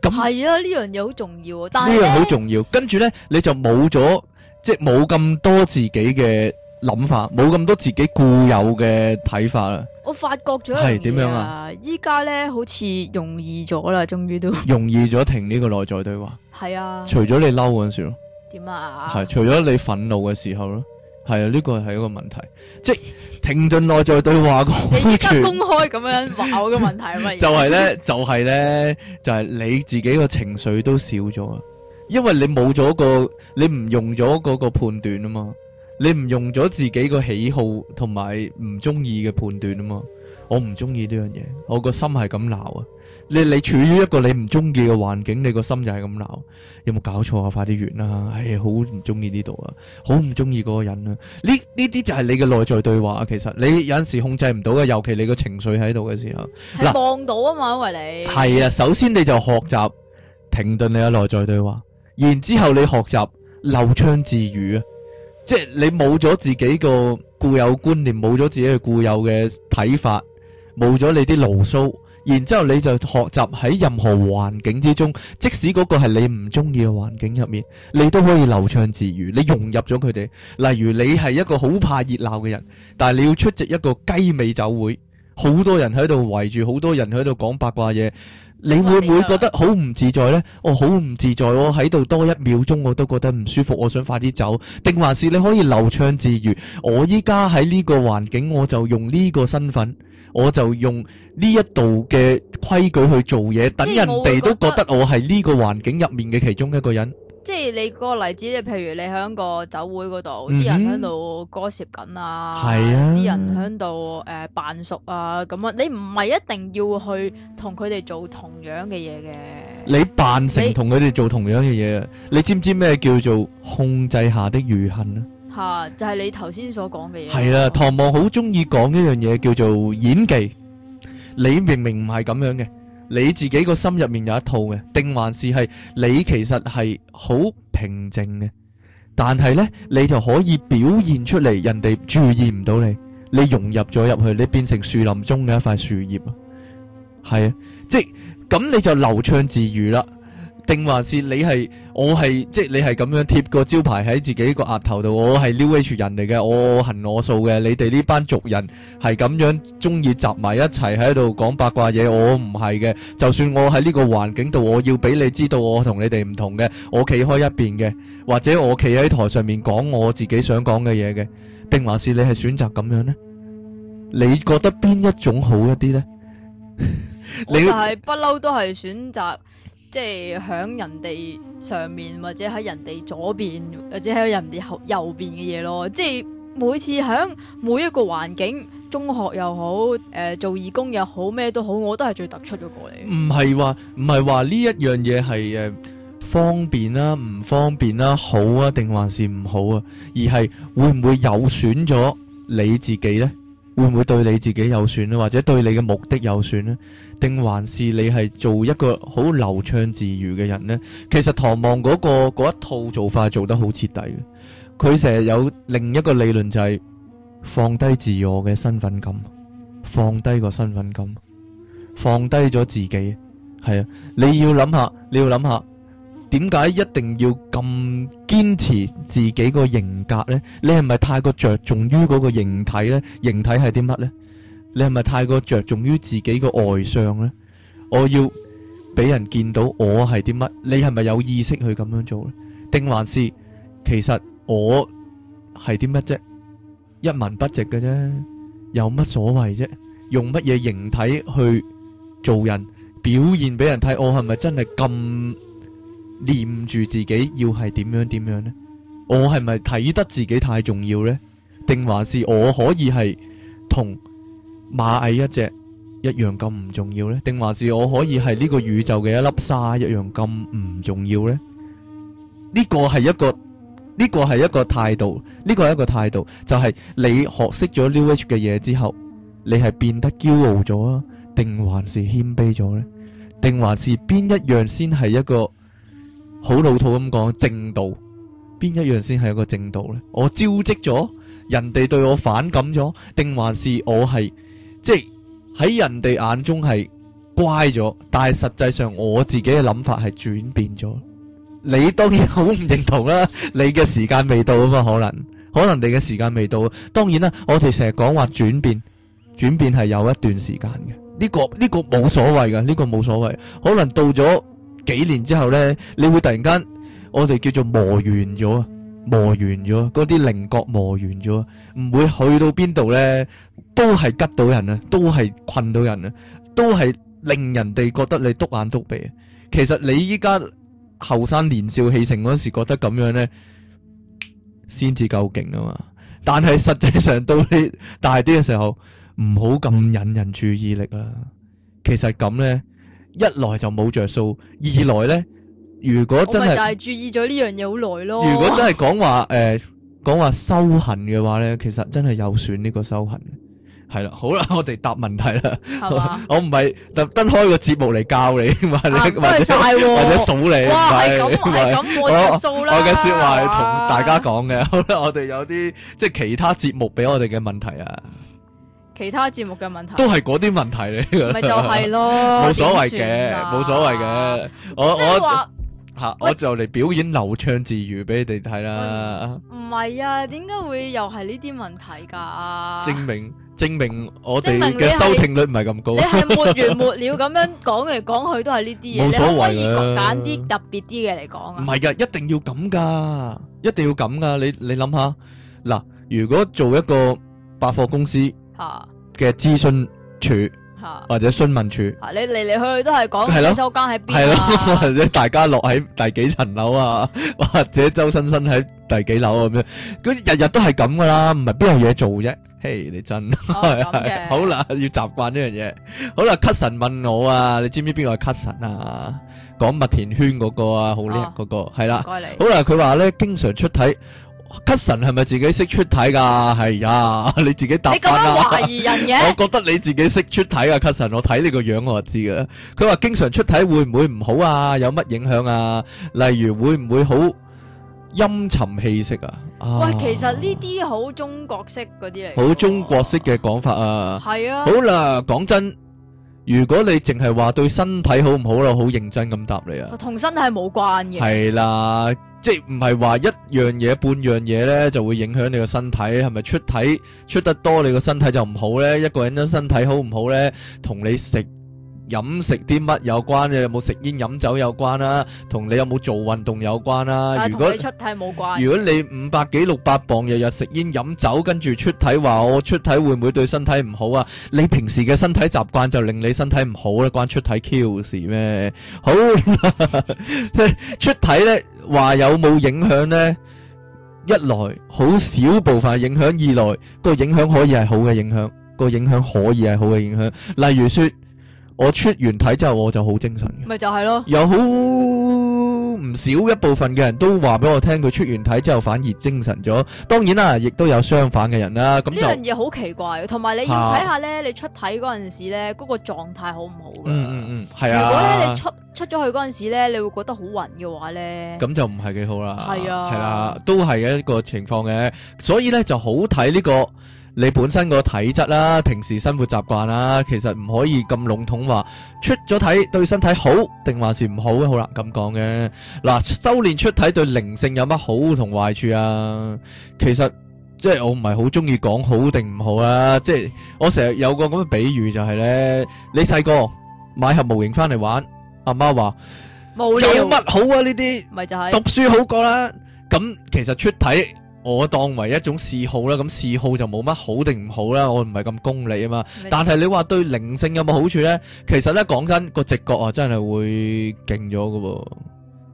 咁係啊呢樣嘢，好重要，但呢樣好重要。跟住咧，你就冇咗，即係冇咁多自己嘅諗法，冇咁多自己固有嘅睇法啦。我發覺咗係點樣啊？依家，咧好似容易咗啦，終於都容易咗停呢個內在對話。係啊，除咗你嬲嗰陣時咯，點啊？係除咗你憤怒嘅時候咯。係啊，呢個係一個問題，即係停頓內在對話個你而家公開咁樣話我嘅問題乜嘢就係咧，就係咧，就係你自己個情緒都少咗啊。因為你冇咗個，你唔用咗嗰個判斷啊嘛，你唔用咗自己個喜好同埋唔中意嘅判斷啊嘛，我唔中意呢樣嘢，我個心係咁鬧啊！你你處於一個你唔中意嘅環境，你個心就係咁鬧，有冇搞錯啊？快啲完啦，啊！唉，好唔中意呢度啊，好唔中意嗰個人啊！呢呢啲就係你嘅內在對話啊。其實你有陣時控制唔到嘅，尤其你個情緒喺度嘅時候，放望、嗯、啦到啊嘛，因為你係啊。首先你就學習停頓你嘅內在對話，然之後你學習流暢自語啊，即係你冇咗自己個固有觀念，冇咗自己嘅固有嘅睇法，冇咗你啲牢騷。然之後，你就學習喺任何環境之中，即使嗰個係你唔中意嘅環境入面，你都可以流暢自如，你融入咗佢哋。例如，你係一個好怕熱鬧嘅人，但係你要出席一個雞尾酒會，好多人喺度圍住，好多人喺度講八卦嘢。你會唔會覺得好唔自在呢？我好唔自在，我喺度多一秒鐘我都覺得唔舒服，我想快啲走。定還是你可以流暢自如？我依家喺呢個環境，我就用呢個身份，我就用呢一度嘅規矩去做嘢，等人哋都覺得我係呢個環境入面嘅其中一個人。即係你個例子，即係譬如你喺個酒會嗰度，啲、嗯、哼人喺度歌説緊啊，啲人喺度誒扮熟啊咁啊，你唔係一定要去同佢哋做同樣嘅嘢嘅。你扮成同佢哋做同樣嘅嘢，你，你知唔知咩叫做控制下的餘恨啊？嚇、就是，就係你頭先所講嘅嘢。係啦，唐望好中意講一樣嘢，叫做演技。你明明唔係咁樣嘅。你自己個心入面有一套嘅，定還是係你其實係好平靜嘅，但係呢，你就可以表現出嚟，人哋注意唔到你，你融入咗入去，你變成樹林中嘅一塊樹葉啊，係啊，即係咁你就流暢自如啦。定還是你係我係，即係你係咁樣貼個招牌喺自己個額頭度，我係 LH 人嚟嘅，我行我素嘅。你哋呢班族人係咁樣中意集埋一齊喺度講八卦嘢，我唔係嘅。就算我喺呢個環境度，我要俾你知道我同你哋唔同嘅，我企開一邊嘅，或者我企喺台上面講我自己想講嘅嘢嘅。定還是你係選擇咁樣呢？你覺得邊一種好一啲呢？ 你就係不嬲都係選擇。即係響人哋上面，或者喺人哋左邊，或者喺人哋後右邊嘅嘢咯。即係每次響每一個環境，中學又好，誒、呃、做義工又好，咩都好，我都係最突出嘅過嚟。唔係話唔係話呢一樣嘢係誒方便啦、啊，唔方便啦、啊，好啊定還是唔好啊？而係會唔會有損咗你自己咧？會唔會對你自己有損咧？或者對你嘅目的有損咧？定還是你係做一個好流暢自如嘅人咧？其實唐望嗰個嗰一套做法做得好徹底嘅。佢成日有另一個理論就係放低自我嘅身份感，放低個身份感，放低咗自己。係啊，你要諗下，你要諗下。點解一定要咁堅持自己個型格呢？你係咪太過着重於嗰個形體呢？形體係啲乜呢？你係咪太過着重於自己個外相呢？我要俾人見到我係啲乜？你係咪有意識去咁樣做呢？定還是其實我係啲乜啫？一文不值嘅啫，有乜所謂啫？用乜嘢形體去做人表現俾人睇？我係咪真係咁？念住自己要係點樣點樣呢？我係咪睇得自己太重要呢？定還是我可以係同螞蟻一隻一樣咁唔重要呢？定還是我可以係呢個宇宙嘅一粒沙一樣咁唔重要呢？呢個係一個呢個係一個態度，呢個係一個態度就係你學識咗 New Age 嘅嘢之後，你係變得驕傲咗啊？定還是謙卑咗呢？定還是邊一樣先係一個？好老土咁講正道，邊一樣先係一個正道呢？我招積咗，人哋對我反感咗，定還是我係即係喺人哋眼中係乖咗，但係實際上我自己嘅諗法係轉變咗。你當然好唔認同啦、啊， 你嘅時間未到啊嘛，可能可能你嘅時間未到。當然啦，我哋成日講話轉變，轉變係有一段時間嘅。呢個呢個冇所謂嘅，呢個冇所謂。可能到咗。幾年之後呢，你會突然間，我哋叫做磨完咗，磨完咗，嗰啲棱角磨完咗，唔會去到邊度呢？都係吉到人啊，都係困到人啊，都係令人哋覺得你篤眼篤鼻。其實你依家後生年少氣盛嗰時覺得咁樣呢，先至夠勁啊嘛。但係實際上到你大啲嘅時候，唔好咁引人注意力啦。其實咁呢。一來就冇着數，二來咧，如果真係，我咪就係注意咗呢樣嘢好耐咯。如果真係講、欸、話誒，講話修行嘅話咧，其實真係有損呢個修行。係啦，好啦，我哋答問題啦吧。我唔係特登開個節目嚟教你，唔係你或者數、啊、你，係咪？我嘅說話同大家講嘅。啊、好啦，我哋有啲即係其他節目俾我哋嘅問題啊。其他節目嘅問題都係嗰啲問題嚟嘅，咪就係咯，冇所謂嘅，冇所謂嘅。我我吓，我就嚟表演流暢自如俾你哋睇啦。唔係啊，點解會又係呢啲問題噶？證明證明我哋嘅收聽率唔係咁高。你係沒完沒了咁樣講嚟講去，都係呢啲嘢，冇所謂啊。揀啲特別啲嘅嚟講啊，唔係噶，一定要咁噶，一定要咁噶。你你諗下嗱，如果做一個百貨公司。吓嘅諮詢處吓或者詢問處 的啊，你嚟嚟去去都係講洗手間喺邊啊，或者大家樂喺第幾層樓啊，或者周生生喺第幾樓咁樣，嗰日日都係咁噶啦，唔係邊有嘢做啫。嘿、hey, 你真係好啦，要習慣呢樣嘢好啦 c u t i n 問我啊，你知唔知邊個係 c u t i 啊，講麥田圈嗰個啊，好叻嗰個係啦，好啦，佢話咧經常出體。Cushion 係咪自己識出體噶？係啊，你自己答你咁樣懷疑人嘅？ 我覺得你自己識出體啊 Cushion 我睇你個樣，我就知嘅。佢話經常出體會唔會唔好啊？有乜影響啊？例如會唔會好陰沉氣息啊？喂，啊、其實呢啲好中國式嗰啲嚟。好中國式嘅講法啊。係啊的。好啦，講真，如果你淨係話對身體好唔好咯，好認真咁答你啊。同身體冇關嘅。係啦。即係唔係話一樣嘢半樣嘢咧，就會影響你個身體？係咪出體出得多，你個身體就唔好咧？一個人嘅身體好唔好咧，同你食飲食啲乜有關？有冇食煙飲酒有關啦？同你有冇做運動有關啦？如果你出體冇關，如果你五百幾六百磅，日日食煙飲酒，跟住出體話我出體會唔會對身體唔好啊？你平時嘅身體習慣就令你身體唔好啦，關出體 Q 事咩？好，出體咧，話有冇影響呢？一來好少部分係影響，二來個影響可以係好嘅影響，個影響可以係好嘅影響。例如說，我出完體之後，我就好精神嘅。咪就係咯，有好。唔少一部分嘅人都話俾我聽，佢出完體之後反而精神咗。當然啦，亦都有相反嘅人啦。咁呢樣嘢好奇怪，同埋你要睇下呢，你出體嗰陣時咧，嗰個狀態好唔好？嗯嗯嗯，係啊。如果咧你出出咗去嗰陣時咧，你會覺得好暈嘅話呢，咁就唔係幾好啦。係啊，係啦，啊，都係一個情況嘅，所以呢就好睇呢個。你本身個體質啦、啊，平時生活習慣啦，其實唔可以咁籠統話出咗體對身體好定還是唔好啊？好難咁講嘅嗱，修煉出體對靈性有乜好同壞處啊？其實即係我唔係好中意講好定唔好啊！即係我成日有個咁嘅比喻就係、是、咧，你細個買盒模型翻嚟玩，阿媽話無聊，冇乜好啊呢啲，咪就係、是、讀書好過啦、啊。咁其實出體。我當為一種嗜好啦，咁嗜好就冇乜好定唔好啦，我唔係咁功利啊嘛。但係你話對靈性有冇好處呢？其實呢，講真，個直覺啊真係會勁咗㗎喎。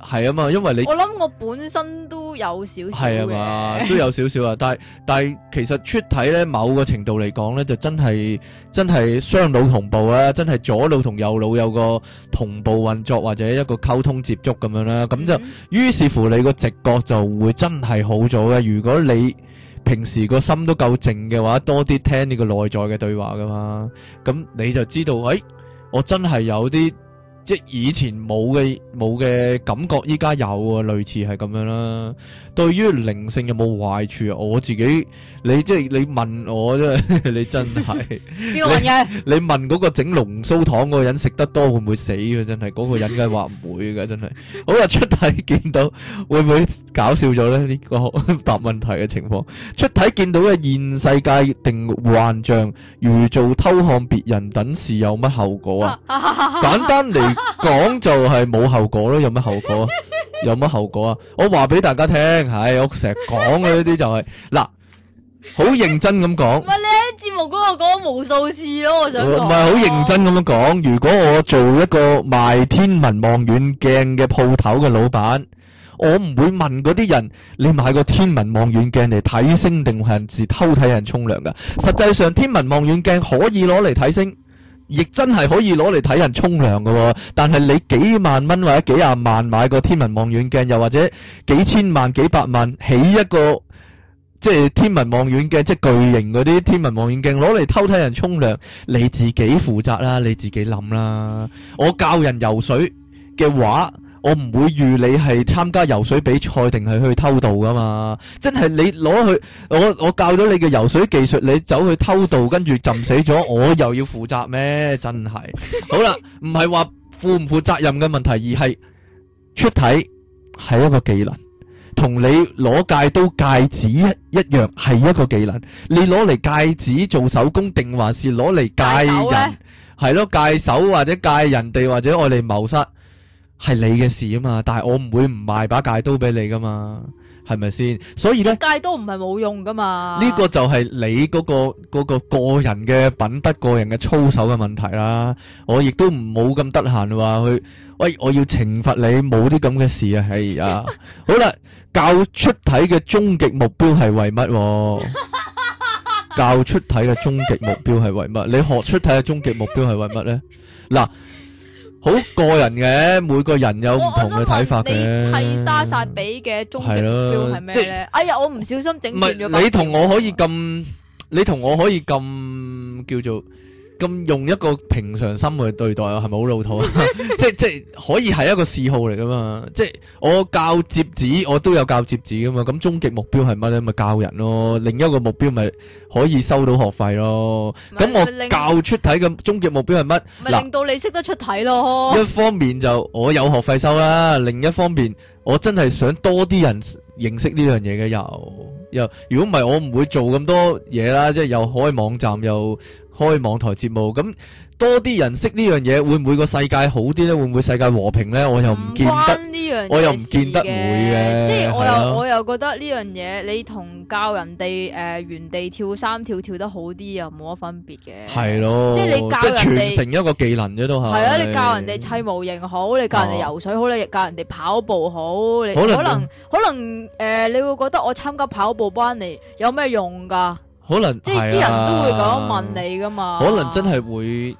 係啊嘛，因為你我諗我本身都有少少係啊嘛，都有少少啊。但係但係，其實出體咧，某個程度嚟講咧，就真係真係雙腦同步啊！真係左腦同右腦有個同步運作或者一個溝通接觸咁樣啦。咁就於是乎，你個直覺就會真係好咗嘅。如果你平時個心都夠靜嘅話，多啲聽你個內在嘅對話噶嘛，咁你就知道，誒，我真係有啲。即係以前冇嘅冇嘅感覺，依家有啊，類似係咁樣啦。對於靈性有冇壞處啊？我自己你即係你問我真係，你真係邊個問嘅？你問嗰個整龍鬚糖嗰個人食得多會唔會死嘅？真係嗰個人梗係話唔會噶，真係。好啊，出體見到會唔會搞笑咗咧？呢個答問題嘅情況，出體見到嘅現世界定幻象，如做偷看別人等事，有乜後果啊？簡單嚟講 就係冇後果咯，有乜後果？有乜後果啊？我話俾大家聽，係我成日講嘅呢啲就係、是、嗱，好認真咁講。唔係你喺節目嗰度講無數次咯，我想唔係好認真咁樣講。如果我做一個賣天文望遠鏡嘅鋪頭嘅老闆，我唔會問嗰啲人：你買個天文望遠鏡嚟睇星定係是偷睇人沖涼㗎？實際上，天文望遠鏡可以攞嚟睇星。亦真係可以攞嚟睇人沖涼嘅，但係你幾萬蚊或者幾廿萬買個天文望遠鏡，又或者幾千萬幾百萬起一個即係天文望遠鏡，即係巨型嗰啲天文望遠鏡攞嚟偷睇人沖涼，你自己負責啦，你自己諗啦。我教人游水嘅話。我唔會預你係參加游水比賽定係去偷渡噶嘛？真係你攞去我我教咗你嘅游水技術，你走去偷渡，跟住浸死咗，我又要負責咩？真係好啦，唔係話負唔負責任嘅問題，而係出體係一個技能，同你攞戒刀戒指一一樣係一個技能。你攞嚟戒指做手工，定還是攞嚟戒人？係咯，戒手或者戒人哋，或者我嚟謀殺。係你嘅事啊嘛，但係我唔會唔賣把戒刀俾你噶嘛，係咪先？所以戒刀唔係冇用噶嘛。呢個就係你嗰個嗰個個人嘅品德、個人嘅操守嘅問題啦。我亦都唔好咁得閒話去，喂，我要懲罰你冇啲咁嘅事啊。係啊，好啦，教出體嘅終極目標係為乜？教出體嘅終極目標係為乜？你學出體嘅終極目標係為乜呢？嗱。好個人嘅，每個人有唔同嘅睇法嘅。我我想問你砌沙薩比嘅終極目標係咩咧？了即哎呀，我唔小心整亂咗。唔係你同我可以咁， 你同我可以咁叫做。咁用一個平常心去對待啊，係咪好老土啊？ 即係即係可以係一個嗜好嚟㗎嘛？即係我教摺紙，我都有教摺紙㗎嘛。咁終極目標係乜咧？咪教人咯。另一個目標咪可以收到學費咯。咁是我教出體嘅終極目標係乜？咪令到你識得出體咯。一方面就我有學費收啦，另一方面我真係想多啲人認識呢樣嘢嘅又。又如果唔係我唔會做咁多嘢啦，即係又開網站，又開網台節目，咁、嗯、多啲人識呢樣嘢，會唔會個世界好啲咧，會唔會世界和平咧？我又唔見得唔關呢樣嘢，我又唔見得唔會嘅。即係我又是、啊、我又覺得呢樣嘢，你同教人哋誒、呃、原地跳三跳跳得好啲又冇乜分別嘅。係咯，即係你教人哋傳承一個技能啫都係，係啊，你教人哋砌模型好，你教人哋游水好，你教人哋跑步好，啊、你可能可能誒、呃、你會覺得我參加跑。報班你有咩用噶？可能即係啲人都會咁問你噶嘛？可能真係會，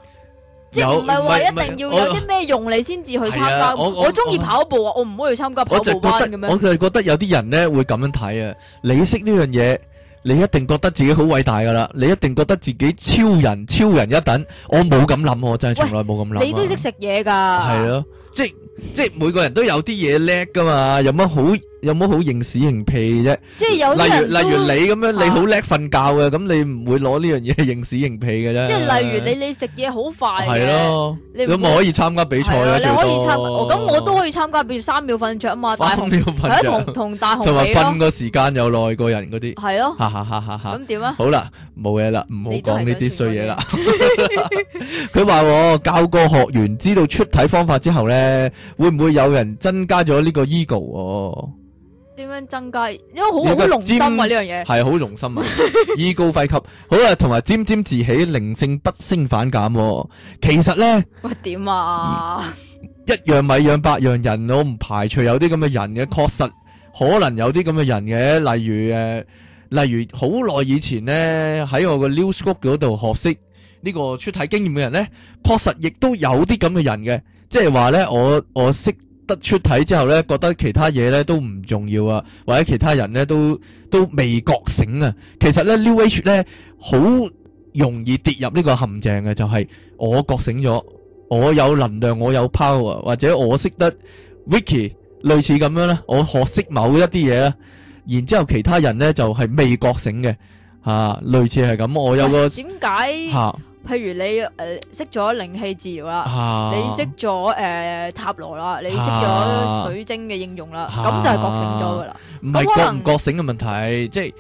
即係唔係話一定要有啲咩用你先至去參加。我我中意跑步啊，我唔可以參加跑步班咁樣。我就係覺得有啲人咧會咁樣睇啊。你識呢樣嘢，你一定覺得自己好偉大噶啦，你一定覺得自己超人、超人一等。我冇咁諗，我真係從來冇咁諗。你都識食嘢噶？係咯，即係即係每個人都有啲嘢叻噶嘛，有乜好？有冇好認屎認屁啫？即係有，例如例如你咁樣，你好叻瞓覺嘅，咁你唔會攞呢樣嘢認屎認屁嘅啫。即係例如你，你食嘢好快嘅，係咯，咁咪可以參加比賽咧？可以參，咁我都可以參加，譬如三秒瞓著啊嘛，係啊，同同大雄比。瞓個時間又耐過人嗰啲，係咯，咁點啊？好啦，冇嘢啦，唔好講呢啲衰嘢啦。佢話教個學員知道出體方法之後咧，會唔會有人增加咗呢個 ego？點樣增加？因為好好用心啊！呢樣嘢係好用心啊！依 高肺吸好啦、啊，同埋沾沾自喜，靈性不升反減、啊。其實咧，點、哎、啊、嗯？一樣米養百樣人，我唔排除有啲咁嘅人嘅，確實可能有啲咁嘅人嘅。例如誒、呃，例如好耐以前咧，喺我個 newsgroup 嗰度學識呢個出體經驗嘅人咧，確實亦都有啲咁嘅人嘅，即係話咧，我我，我識。得出體之後咧，覺得其他嘢咧都唔重要啊，或者其他人咧都都未覺醒啊。其實咧，New Age 咧好容易跌入呢個陷阱嘅，就係、是、我覺醒咗，我有能量，我有 power，或者我識得 Vicky 類似咁樣啦。我學識某一啲嘢啦，然之後其他人咧就係、是、未覺醒嘅嚇、啊，類似係咁。我有個點解嚇？何譬如你誒識咗靈氣治療啦，你識咗誒塔羅啦，你識咗水晶嘅應用啦，咁就係覺醒咗噶啦。唔係覺唔覺醒嘅問題，即係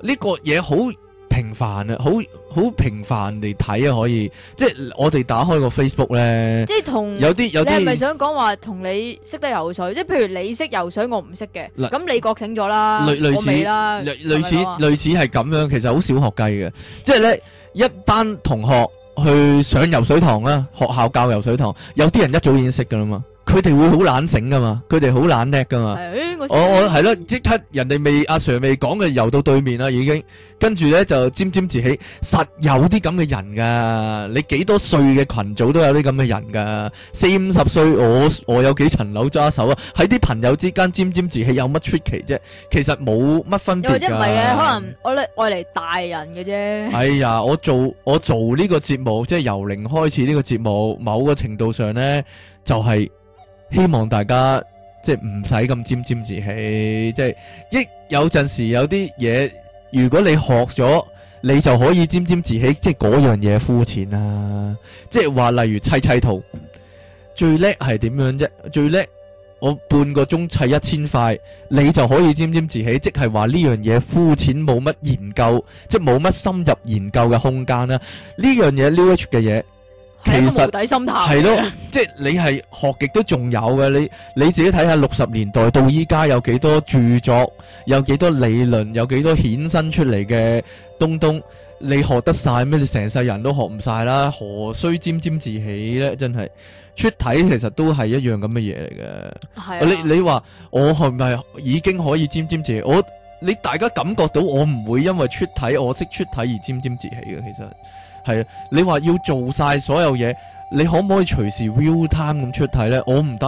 呢個嘢好平凡啊，好好平凡嚟睇啊，可以。即係我哋打開個 Facebook 咧，即係同有啲有啲。你係咪想講話同你識得游水？即係譬如你識游水，我唔識嘅，咁你覺醒咗啦，類類似啦，類類似類似係咁樣。其實好少學計嘅，即係咧。一班同學去上游水堂啊，學校教游水堂，有啲人一早已經識㗎啦嘛。佢哋會好懶醒噶嘛？佢哋好懶叻噶嘛？ 我 我係咯，即 刻人哋未阿 Sir 未講嘅游到對面啦，已經跟住咧就沾沾自喜。實有啲咁嘅人噶，你幾多歲嘅群組都有啲咁嘅人噶，四五十歲我我有幾層樓揸手啊！喺啲朋友之間沾沾自喜有乜出奇啫？其實冇乜分別噶，又一唔係嘅，可能我嚟我嚟大人嘅啫。 哎呀，我做我做呢個節目，即係由零開始呢個節目，某個程度上咧就係、是。希望大家即係唔使咁沾沾自喜，即係亦有陣時有啲嘢，如果你學咗，你就可以沾沾自喜，即係嗰樣嘢膚淺啦。即係話例如砌砌圖，最叻係點樣啫？最叻我半個鐘砌一千塊，你就可以沾沾自喜，即係話呢樣嘢膚淺，冇乜研究，即係冇乜深入研究嘅空間啦、啊。呢樣嘢 New Age 嘅嘢。其實心態係咯，即係你係學極都仲有嘅。你你，你自己睇下六十年代到依家有幾多著作，有幾多理論，有幾多衍生出嚟嘅東東，你學得晒咩？你成世人都學唔晒啦，何須沾沾自喜咧？真係出體其實都係一樣咁嘅嘢嚟嘅。係。 你你話我係咪已經可以沾沾自喜？我你大家感覺到我唔會因為出體，我識出體而沾沾自喜嘅。其實。係啊！你話要做晒所有嘢，你可唔可以隨時 view time 咁出題呢？我唔得，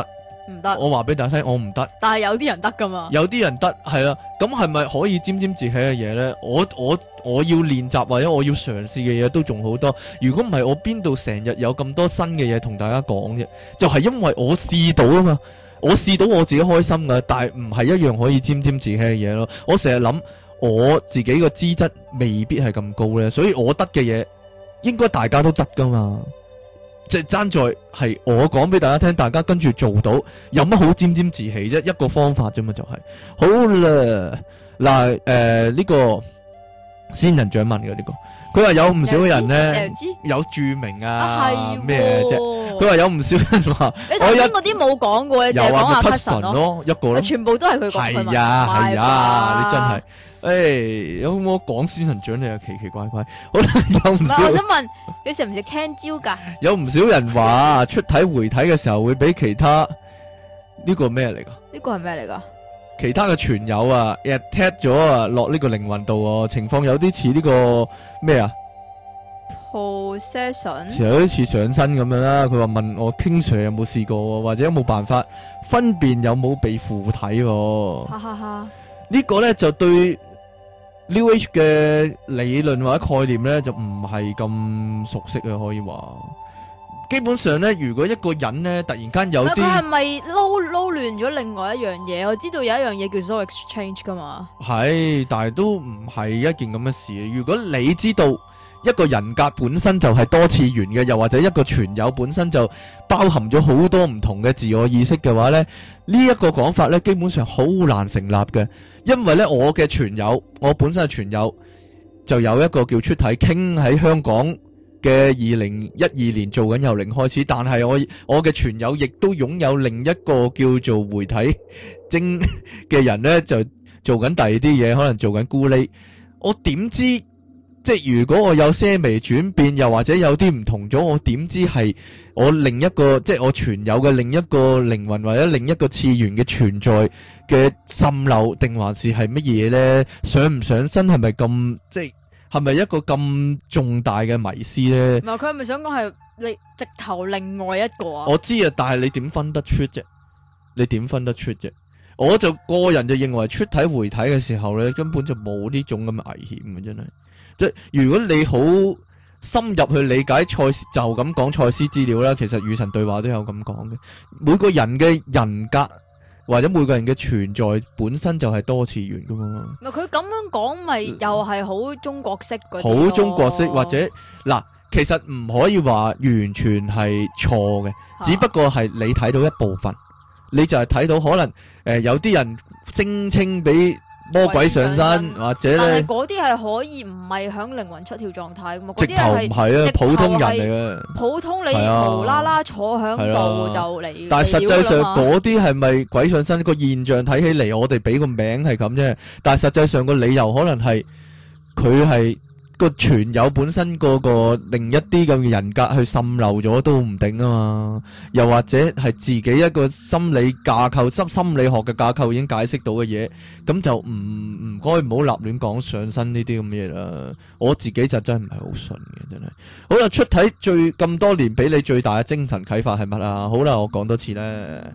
唔得行。我話俾大家聽，我唔得。但係有啲人得噶嘛？有啲人得係啦。咁係咪可以沾沾自喜嘅嘢呢？我我我要練習或者我要嘗試嘅嘢都仲好多。如果唔係我邊度成日有咁多新嘅嘢同大家講啫，就係因為我試到啊嘛。我試到我自己開心噶，但係唔係一樣可以沾沾自喜嘅嘢咯。我成日諗我自己個資質未必係咁高呢，所以我得嘅嘢。應該大家都得噶嘛，即係爭在係我講俾大家聽，大家跟住做到，有乜好沾沾自喜啫？一個方法啫嘛，就係、是、好啦。嗱、呃，誒、這、呢個仙人掌問嘅呢、這個，佢話有唔少人咧 L G? 有著名啊，咩啫、啊？佢話、啊、有唔少人話，你頭先 我聽嗰啲冇講過，又淨係講 person 咯、呃，一個、啊、全部都係佢講。係呀、啊，係呀吧，你真係。誒，hey，有冇講仙人掌你啊？奇奇怪怪，好啦，有唔。我想問你食唔食青椒噶？有唔少人話出體回體嘅時候會俾其他呢個咩嚟噶？呢個係咩嚟噶？其他嘅全友啊 attack 咗啊，落呢個靈魂度哦，情 況樂有啲似呢個咩啊？Possession，似有好似上身咁樣啦。佢話問我 Kingsley 有冇試過，或者有冇辦法分辨有冇被附體。哈哈哈。 個呢個咧就對 New Age 嘅理論或者概念咧就唔係咁熟悉嘅，可以話。基本上咧，如果一個人咧突然間有，佢係咪撈撈亂咗另外一樣嘢？我知道有一樣嘢叫 Zo Exchange 噶嘛。係，但係都唔係一件咁嘅事。如果你知道，一個人格本身就係多次元嘅，又或者一個全友本身就包含咗好多唔同嘅自我意識嘅話呢、這個、呢一個講法咧基本上好難成立嘅，因為咧我嘅全友，我本身嘅全友就有一個叫出體傾喺香港嘅二零一二年做緊由零開始，但係我我嘅全友亦都擁有另一個叫做媒體精嘅人呢就做緊第二啲嘢，可能做緊咕喱，我點知？即係如果我有些微轉變，又或者有啲唔同咗，我點知係我另一個，即係我存有嘅另一個靈魂，或者另一個次元嘅存在嘅滲漏，定還是係乜嘢咧？上唔上身係咪咁？即係係咪一個咁重大嘅迷思咧？唔係，佢係咪想講，係你直頭另外一個啊？我知啊，但係你點分得出啫？你點分得出啫？我就個人就認為出體回體嘅時候咧，根本就冇呢種咁嘅危險嘅真係。即如果你好深入去理解賽，就咁講賽斯資料啦。其實與神對話都有咁講嘅。每個人嘅人格或者每個人嘅存在本身就係多次元㗎嘛、啊。佢咁樣講，咪又係好中國式好、啊、中國式或者嗱，其實唔可以話完全係錯嘅，只不過係你睇到一部分，啊、你就係睇到可能誒、呃、有啲人聲稱俾。魔鬼上身或者咧，但係嗰啲係可以唔係響靈魂出竅狀態嘅嘛？嗰啲係唔係啊，普通人嚟嘅，普通你無啦啦坐響度就嚟、啊啊。但係實際上嗰啲係咪鬼上身個、啊、現象睇起嚟，我哋俾個名係咁啫。但係實際上個理由可能係佢係。個全友本身個個另一啲咁嘅人格去滲漏咗都唔定啊嘛，又或者係自己一個心理架構、心心理學嘅架構已經解釋到嘅嘢，咁就唔唔該唔好立亂講上身呢啲咁嘢啦。我自己就真係唔係好信嘅，真係。好啦，出體最咁多年俾你最大嘅精神啟發係乜啊？好啦，我講多次咧。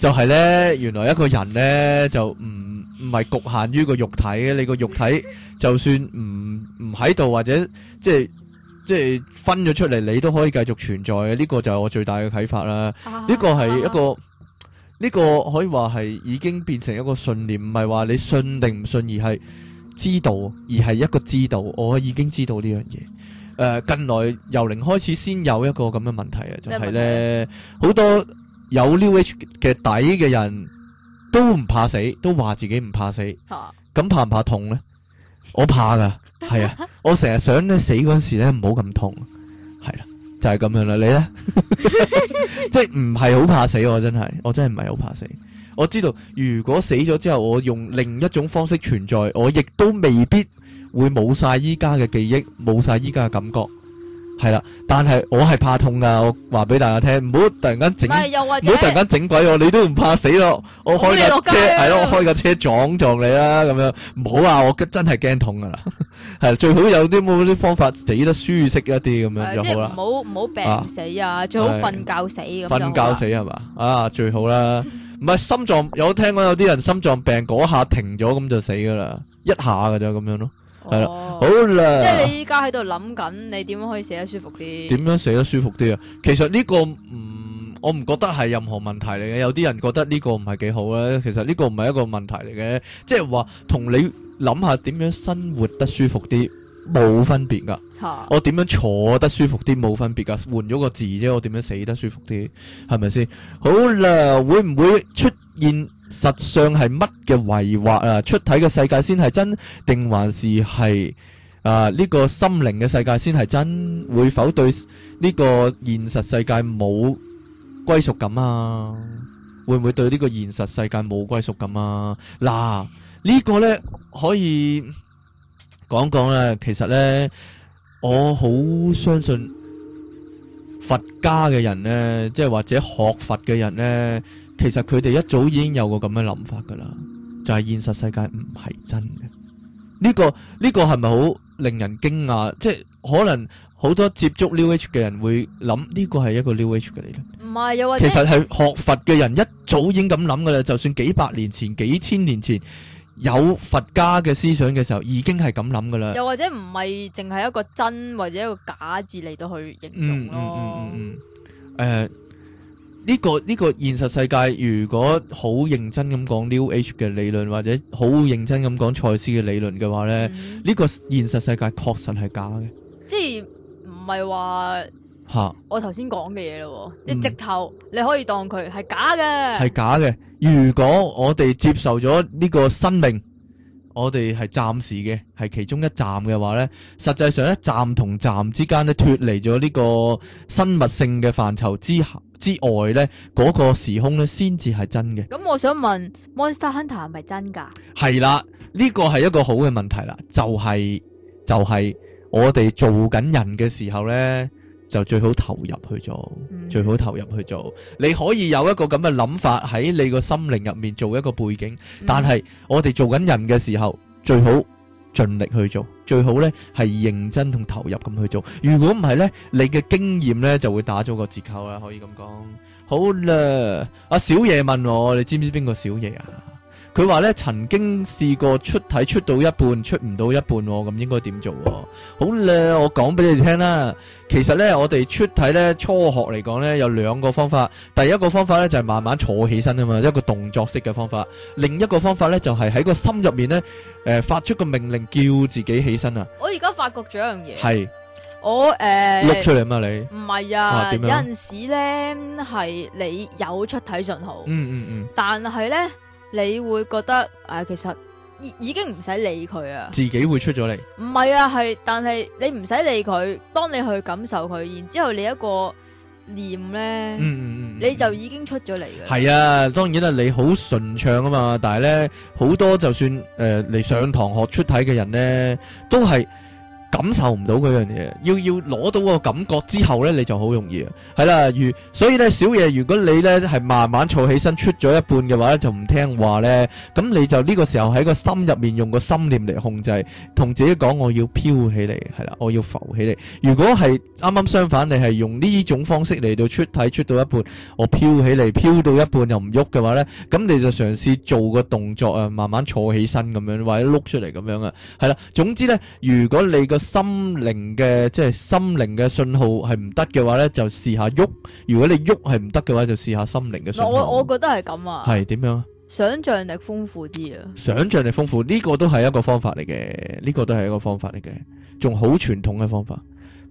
就係呢，原來一個人呢，就唔唔係局限於個肉體嘅，你個肉體就算唔唔喺度或者即係即係分咗出嚟，你都可以繼續存在嘅。呢、這個就係我最大嘅啟發啦。呢、啊、個係一個呢、啊、個可以話係已經變成一個信念，唔係話你信定唔信，而係知道，而係一個知道，我已經知道呢樣嘢。誒、呃，近來由零開始先有一個咁嘅問題啊，就係、是、呢好多。嗯有 New Age 嘅底嘅人都唔怕死，都話自己唔怕死。咁、啊、怕唔怕痛呢？我怕噶，係啊， 我成日想咧死嗰陣時咧唔好咁痛，係啦，就係、是、咁樣啦。你呢？ 即係唔係好怕死？我真係，我真係唔係好怕死。我知道如果死咗之後，我用另一種方式存在，我亦都未必會冇晒依家嘅記憶，冇晒依家嘅感覺。係啦，但係我係怕痛噶，我話俾大家聽，唔好突然間整，唔好突然間整鬼我，你都唔怕死咯，我開架車係咯，我啊、我開架車撞撞你啦，咁樣唔好啊，我真真係驚痛噶啦，係 最好有啲咁啲方法死得舒適一啲咁樣就的好啦，即係唔好唔好病死啊，啊最好瞓覺死瞓的覺死係嘛，啊最好啦，唔係 心臟有聽講有啲人心臟病嗰下停咗咁就死噶啦，一下噶咋咁樣咯。係啦，哦、好啦，即係你依家喺度諗緊，你點樣可以死得舒服啲？點樣死得舒服啲啊？其實呢、這個唔、嗯，我唔覺得係任何問題嚟嘅。有啲人覺得呢個唔係幾好咧，其實呢個唔係一個問題嚟嘅，即係話同你諗下點樣生活得舒服啲冇分別噶。吓哈，我點樣坐得舒服啲冇分別噶，換咗個字啫。我點樣死得舒服啲，係咪先？好啦，會唔會出現？實相係乜嘅違或啊？出體嘅世界先係真，定還是係啊呢個心靈嘅世界先係真？會否對呢個現實世界冇歸屬感啊？會唔會對呢個現實世界冇歸屬感啊？嗱，呢個呢，可以講講啦。其實呢，我好相信佛家嘅人呢，即係或者學佛嘅人呢。其實佢哋一早已經有個咁嘅諗法噶啦，就係、是、現實世界唔係真嘅。呢、這個呢、這個係咪好令人驚訝？即係可能好多接觸 New Age 嘅人會諗呢、這個係一個 New Age 嚟嘅。唔係又或者，其實係學佛嘅人一早已經咁諗噶啦，就算幾百年前、幾千年前有佛家嘅思想嘅時候，已經係咁諗噶啦。又或者唔係淨係一個真或者一個假字嚟到去形容咯？嗯嗯。誒、嗯。嗯嗯嗯呃呢、這個呢、這個現實世界，如果好認真咁講 New Age 嘅理論，或者好認真咁講賽斯嘅理論嘅話咧，呢、嗯、個現實世界確實係假嘅。即係唔係話嚇？我頭先講嘅嘢咯，一、嗯、直頭你可以當佢係假嘅，係假嘅。如果我哋接受咗呢個生命。我哋係暫時嘅，係其中一站嘅話咧，實際上一站同站之間咧脫離咗呢個生物性嘅範疇之之外咧，嗰、那個時空咧先至係真嘅。咁我想問《Monster Hunter》係咪真㗎？係啦，呢個係一個好嘅問題啦，就係、是、就係、是、我哋做緊人嘅時候咧。就最好投入去做，嗯、最好投入去做。你可以有一個咁嘅諗法，喺你個心靈入面做一個背景，嗯、但係我哋做緊人嘅時候，最好盡力去做，最好呢係認真同投入咁去做。如果唔係呢，你嘅經驗呢就會打咗個折扣啦，可以咁講。好啦，阿、啊、小爺問我，你知唔知邊個小爺啊？佢話咧，曾經試過出體出到一半，出唔到一半、哦，咁、嗯、應該點做喎、哦？好咧，我講俾你哋聽啦。其實咧，我哋出體咧初學嚟講咧，有兩個方法。第一個方法咧就係、是、慢慢坐起身啊嘛，一個動作式嘅方法。另一個方法咧就係、是、喺個心入面咧，誒、呃、發出個命令叫自己起身啊！我而家發覺咗一樣嘢。係是我誒。碌、呃、出嚟嘛？你唔係啊？啊有陣時咧，係你有出體信號。嗯嗯嗯。嗯嗯但係咧。你會覺得誒、哎，其實已已經唔使理佢啊，自己會出咗嚟。唔係啊，係但係你唔使理佢，當你去感受佢，然之後你一個念咧，嗯，嗯嗯嗯，你就已經出咗嚟嘅。係啊，當然啦，你好順暢啊嘛，但係咧好多就算誒嚟、呃、上堂學出體嘅人咧，都係。感受唔到嗰樣嘢，要要攞到個感覺之後咧，你就好容易係啦。如所以咧，小嘢，如果你咧係慢慢坐起身出咗一半嘅話咧，就唔聽話咧，咁你就呢個時候喺個心入面用個心念嚟控制，同自己講我要飄起嚟，係啦，我要浮起嚟。如果係啱啱相反，你係用呢種方式嚟到出體出到一半，我飄起嚟飄到一半又唔喐嘅話咧，咁你就嘗試做個動作啊，慢慢坐起身咁樣，或者碌出嚟咁樣啊，係啦。總之咧，如果你個心靈嘅，即係心靈嘅信號係唔得嘅話呢，就試下喐。如果你喐係唔得嘅話，就試下心靈嘅信號。我我覺得係咁啊。係點樣？想象力豐富啲啊！想象力豐富呢個都係一個方法嚟嘅，呢個都係一個方法嚟嘅，仲好傳統嘅方法。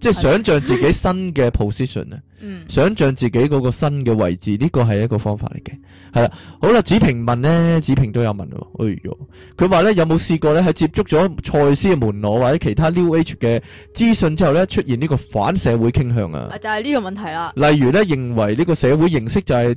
即係想像自己新嘅 position 啊， 嗯、想像自己嗰個新嘅位置，呢、這個係一個方法嚟嘅，係啦，好啦，子平問咧，子平都有問喎，哎呀，佢話咧有冇試過咧喺接觸咗賽斯嘅門羅或者其他 New Age 嘅資訊之後咧出現呢個反社會傾向啊？就係呢個問題啦。例如咧，認為呢個社會形式就係、是，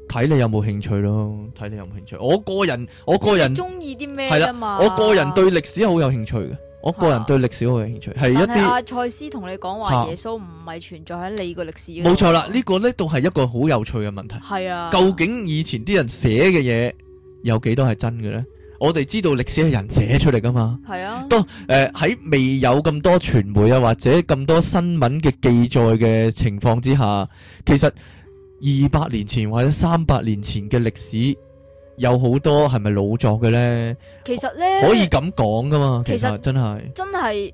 睇你有冇興趣咯，睇你有冇興趣。我個人，我個人中意啲咩啊嘛？我個人對歷史好有興趣嘅，啊、我個人對歷史好有興趣。係一啲阿賽斯同你講話耶穌唔係存在喺你個歷史冇錯，啊、啦，呢、這個呢都係一個好有趣嘅問題。係啊，究竟以前啲人寫嘅嘢有幾多係真嘅咧？我哋知道歷史係人寫出嚟噶嘛？係啊，當誒喺未有咁多傳媒啊或者咁多新聞嘅記載嘅情況之下，其實。二百年前或者三百年前嘅歷史有好多係咪老作嘅咧？其實咧可以咁講噶嘛，其實真係真係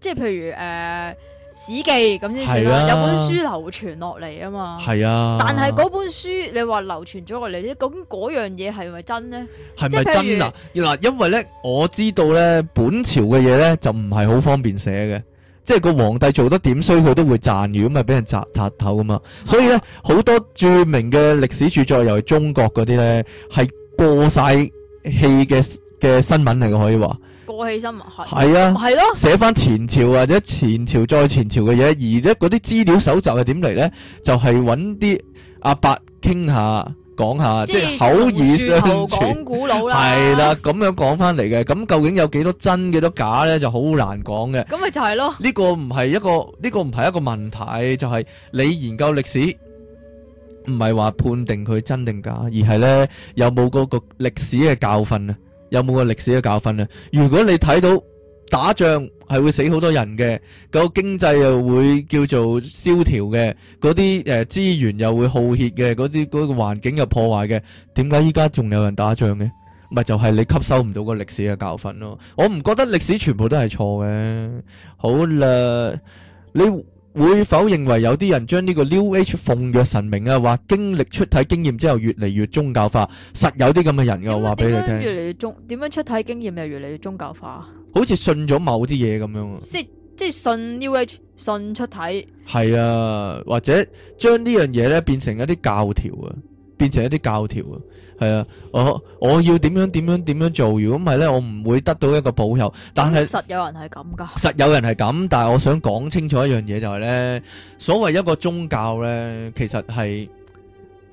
即係譬如誒、呃《史記》咁先，係啊，有本書流傳落嚟啊嘛。係啊，但係嗰本書你話流傳咗落嚟咧，究竟嗰樣嘢係咪真咧？係咪譬如真啊？嗱，因為咧，我知道咧，本朝嘅嘢咧就唔係好方便寫嘅。即係個皇帝做得點衰，佢都會賺完，咪俾人砸塔頭啊嘛！ 所以咧，好多著名嘅歷史著作，尤其係中國嗰啲咧，係過晒氣嘅嘅新聞嚟嘅，可以話過氣新聞係係 啊，係咯， 寫翻前朝或者前朝再前朝嘅嘢，而呢嗰啲資料搜集係點嚟咧？就係揾啲阿伯傾下。講下即係口語式啊，講古老啦，係啦，咁樣講翻嚟嘅，咁究竟有幾多真幾多假呢，就好難講嘅。咁咪就係咯。呢個唔係一個呢個唔係一個問題，就係你研究歷史，唔係話判定佢真定假，而係呢有冇嗰個歷史嘅教訓咧？有冇個歷史嘅教訓咧？如果你睇到。打仗係會死好多人嘅，個經濟又會叫做蕭條嘅，嗰啲誒資源又會耗竭嘅，嗰啲嗰個環境又破壞嘅。點解依家仲有人打仗嘅？咪就係你吸收唔到個歷史嘅教訓咯。我唔覺得歷史全部都係錯嘅。好啦，你會否認為有啲人將呢個 New Age 奉若神明啊？話經歷出體經驗之後越嚟越宗教化，實有啲咁嘅人嘅話俾你聽。越嚟越宗，點樣出體經驗又越嚟越宗教化？好似信咗某啲嘢咁樣，即係信 UH 信出體係啊，或者將呢樣嘢咧變成一啲教條啊，變成一啲教條啊，係啊，我我要點樣點樣點樣做？如果唔係咧，我唔會得到一個保佑。但係實有人係咁噶，實有人係咁，但係我想講清楚一樣嘢就係咧，所謂一個宗教咧，其實係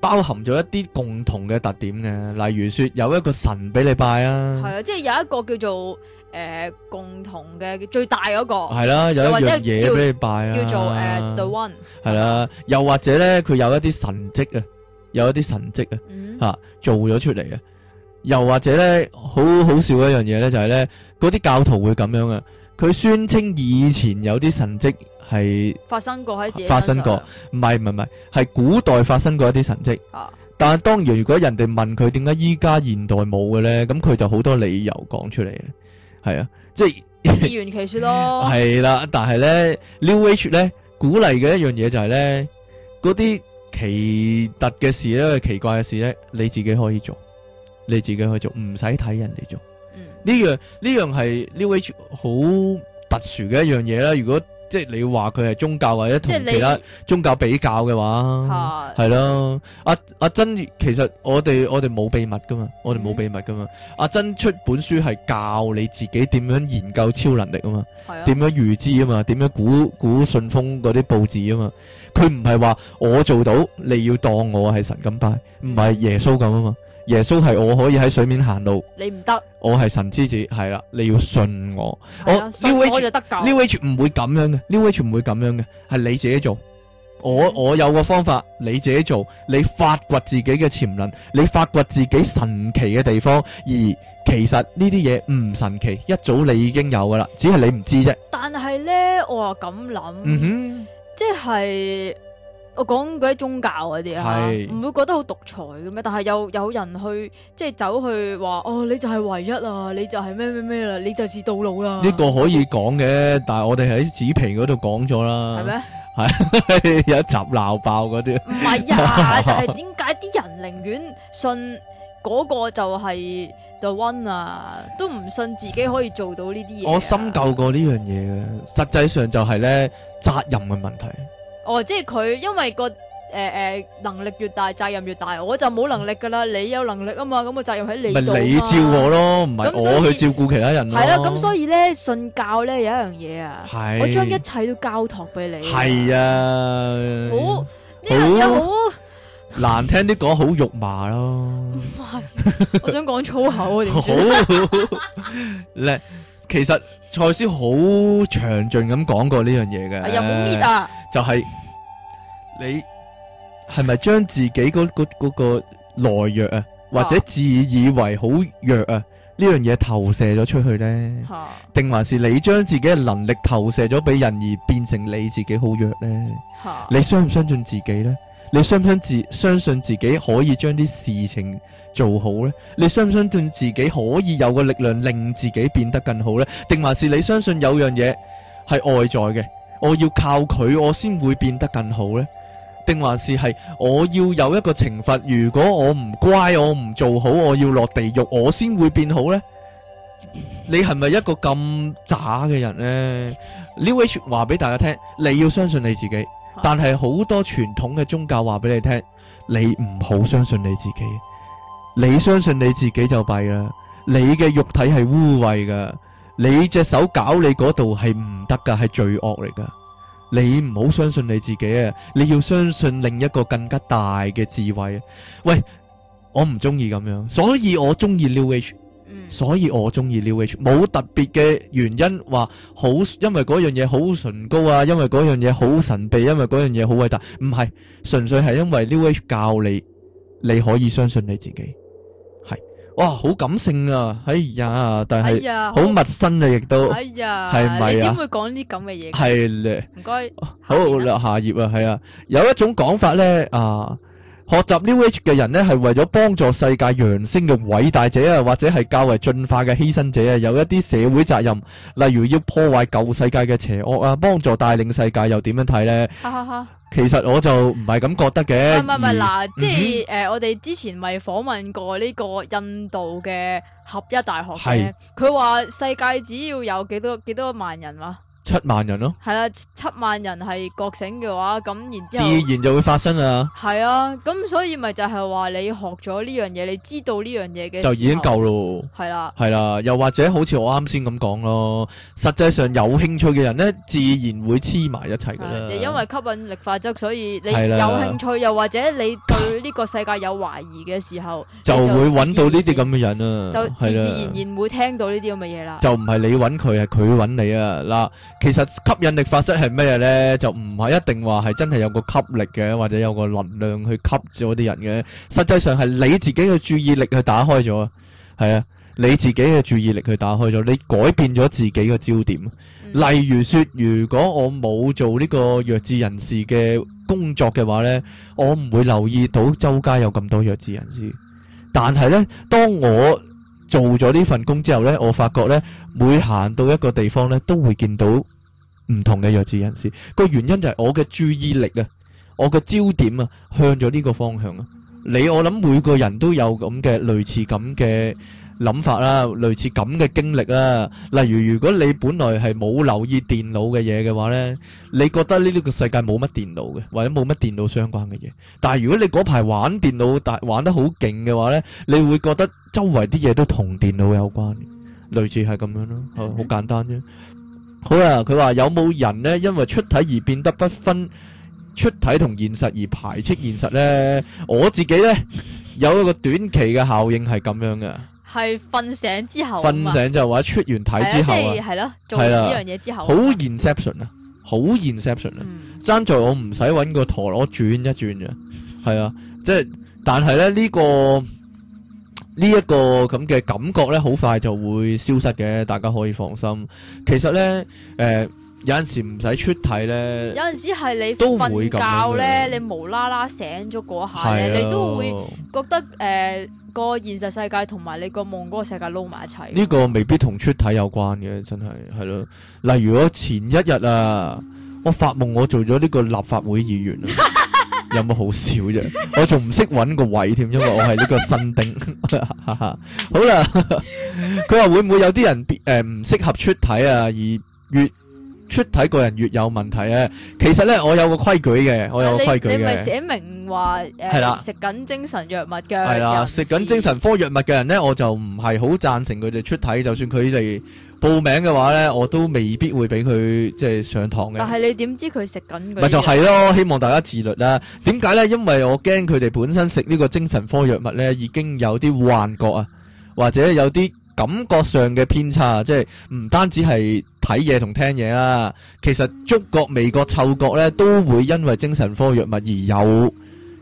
包含咗一啲共同嘅特點嘅，例如說有一個神俾你拜啊，係啊，即係有一個叫做。誒、呃，共同嘅最大嗰、那個係啦、啊，有一樣嘢，俾你拜啦、啊，叫做誒、uh, The One 係啦、啊，又或者咧，佢有一啲神蹟啊，有一啲神蹟啊吓、嗯啊、做咗出嚟嘅。又或者咧，好好笑一樣嘢咧，就係咧，嗰啲教徒會咁樣嘅。佢宣稱以前有啲神蹟係發生過，喺自己發生過，唔係唔係唔係，係古代發生過一啲神蹟、啊、但係當然，如果人哋問佢點解依家現代冇嘅咧，咁佢就好多理由講出嚟。係啊，即係自圓其說咯。係 啦、啊，但係咧，New Age 咧鼓勵嘅一樣嘢就係咧，嗰啲奇特嘅事咧，奇怪嘅事咧，你自己可以做，你自己可以做，唔使睇人哋做。嗯，呢樣呢樣係 New Age 好特殊嘅一樣嘢啦。如果即係你話佢係宗教或者同其他宗教比較嘅話，係咯、啊？阿阿的、啊啊、珍其實我哋我哋冇秘密噶嘛，我哋冇秘密噶嘛。阿珍、嗯啊、出本書係教你自己點樣研究超能力啊嘛，點的樣預知啊嘛，點樣估估信封嗰啲報紙啊嘛。佢唔係話我做到，你要當我係神咁拜，唔係、嗯、耶穌咁啊嘛。耶穌係，我可以喺水面行路，你唔得。我係神之子，係啦，你要信我。係嘅，我信 New Age 我就得咁，New Age 唔會咁樣嘅，New Age 唔會咁樣嘅，係你自己做。我、嗯、我有個方法，你自己做，你發掘自己嘅潛能，你發掘自己神奇嘅地方，而其實呢啲嘢唔神奇，一早你已經有噶啦，只係你唔知啫。但係咧，我啊咁諗，嗯、哼，即係。我講嗰啲宗教嗰啲啊，唔、啊、是會覺得好獨裁嘅咩？但係有有人去即係走去話哦，你就係唯一啊，你就係咩咩咩啦，你就是到老啦。呢個可以講嘅，但係我哋喺紙皮嗰度講咗啦。係咩嗎？係有 一集鬧爆嗰啲。唔係呀， 就係點解啲人寧願信嗰個就係 the one 啊，都唔信自己可以做到呢啲嘢。我深究過呢樣嘢嘅，實際上就係咧責任嘅問題。哦，即係佢，因為個誒誒能力越大，責任越大，我就冇能力噶啦，你有能力啊嘛，咁個責任喺你度。咪你照顧我咯，唔係我去照顧其他人咯。係啦，咁所以咧，信教咧有一樣嘢啊，我將一切都交託俾你。係啊，好，呢樣嘢好難聽啲講，好肉麻咯。唔係，我想講粗口啊，點算咧？其實蔡司好詳盡咁講過呢樣嘢嘅，有冇搣就係、是、你係咪將自己嗰、嗰個懦弱啊，或者自以為好弱啊呢樣嘢投射咗出去呢？定、啊、還是你將自己嘅能力投射咗俾人而變成你自己好弱呢？啊、你相唔相信自己呢？你相唔相自相信自己可以將啲事情做好呢？你相唔相信自己可以有個力量令自己變得更好呢？定還是你相信有樣嘢係外在嘅，我要靠佢我先會變得更好呢？定還是係我要有一個懲罰，如果我唔乖我唔做好，我要落地獄我先會變好呢？你係咪一個咁渣嘅人呢？New Age 話俾大家聽，你要相信你自己。但係好多傳統嘅宗教話俾你聽，你唔好相信你自己，你相信你自己就弊啦。你嘅肉體係污穢嘅，你隻手搞你嗰度係唔得噶係罪惡嚟噶你唔好相信你自己啊，你要相信另一個更加大嘅智慧。喂，我唔中意咁樣，所以我中意 New Age 所以我中意 New Age，冇特別嘅原因話好，因為嗰樣嘢好崇高啊，因為嗰樣嘢好神秘，因為嗰樣嘢好偉大。唔係，純粹係因為 New Age 教你你可以相信你自己。係，哇，好感性啊！哎呀，但係好陌生啊，亦都哎呀，係咪啊？點會講呢啲咁嘅嘢？係咧，唔該，好落下頁啊，係啊，有一種講法咧啊。學習 New Age 嘅人咧，係為咗幫助世界揚升嘅偉大者啊，或者係較為進化嘅犧牲者啊，有一啲社會責任，例如要破壞舊世界嘅邪惡啊，幫助帶領世界，又點樣睇咧？ 其實我就唔係咁覺得嘅。唔係唔係，嗱、 啊，即係誒、呃，我哋之前咪訪問過呢個印度嘅合一大學嘅，佢話是世界只要有幾多幾多萬人啦、啊。七萬人咯，係啦、啊，七萬人係覺醒嘅話，咁然之後自然就會發生啦。係啊，咁、啊、所以咪就係話你學咗呢樣嘢，你知道呢樣嘢嘅時候就已經夠咯，係啦、啊，係啦、啊，又或者好似我啱先咁講咯，實際上有興趣嘅人咧，自然會黐埋一齊噶啦，就因為吸引力法則，所以你有興趣，啊、又或者你對呢個世界有懷疑嘅時候，就會揾到呢啲咁嘅人啊，啊就自然、啊、就自自然然會聽到呢啲咁嘅嘢啦，就唔係你揾佢，係佢揾你啊，嗱。其實吸引力法則係咩呢？就唔係一定話係真係有個吸力嘅，或者有個能量去吸咗啲人嘅。實際上係你自己嘅注意力去打開咗，係啊，你自己嘅注意力去打開咗。你改變咗自己嘅焦點。例如說，如果我冇做呢個弱智人士嘅工作嘅話呢，我唔會留意到周街有咁多弱智人士。但係呢，當我做咗呢份工之後呢，我發覺呢，每行到一個地方呢，都會見到唔同嘅弱智人士。個原因就係我嘅注意力啊，我嘅焦點啊，向咗呢個方向啊。你我諗，每個人都有咁嘅類似咁嘅諗法啦，類似咁嘅經歷啦。例如，如果你本來係冇留意電腦嘅嘢嘅話呢，你覺得呢個世界冇乜電腦嘅，或者冇乜電腦相關嘅嘢。但係如果你嗰排玩電腦，但玩得好勁嘅話呢，你會覺得周圍啲嘢都同電腦有關，類似係咁樣咯、 啊。好簡單啫。好啦，佢話有冇人呢？因為出體而變得不分出體同現實，而排斥現實呢？我自己呢，有一個短期嘅效應係咁樣嘅。係瞓醒之後，瞓醒就是，或者出完體之後啊，係咯，啊，係呢，啊啊啊，樣嘢之後，好 inception 啊，好 inception 啊，爭在我唔使揾個陀螺轉一轉嘅，係啊，即係，但係咧呢，這個呢一、這個咁嘅感覺咧，好快就會消失嘅，大家可以放心。其實咧，誒，呃。有陣時唔使出體咧、嗯，有陣時係你瞓覺咧，你無啦啦醒咗嗰下你都會覺得誒、呃嗰個現實世界同埋你個夢嗰個世界撈埋一齊。呢個未必同出體有關嘅，真係係咯。例如我前一日啊，我發夢我做咗呢個立法會議員， 有冇好笑啫？ 我仲唔識搵個位添，因為我係呢個新丁。 好啦，佢 話會唔會有啲人誒唔適合出體啊？而越出體個人越有問題咧，其實咧，我有個規矩嘅，我有個規矩嘅。你你咪寫明話誒，係啦，食緊精神藥物嘅，係啦，食緊精神科藥物嘅人咧，我就唔係好贊成佢哋出體。就算佢哋報名嘅話咧，我都未必會俾佢即係上堂嘅。但係你點知佢食緊藥物？咪就係咯，希望大家自律啦。點解咧？因為我驚佢哋本身食呢個精神科藥物咧，已經有啲幻覺啊，或者有啲。感覺上嘅偏差，即係唔單止係睇嘢同聽嘢啦，其實觸覺、味覺、嗅覺呢，都會因為精神科藥物而有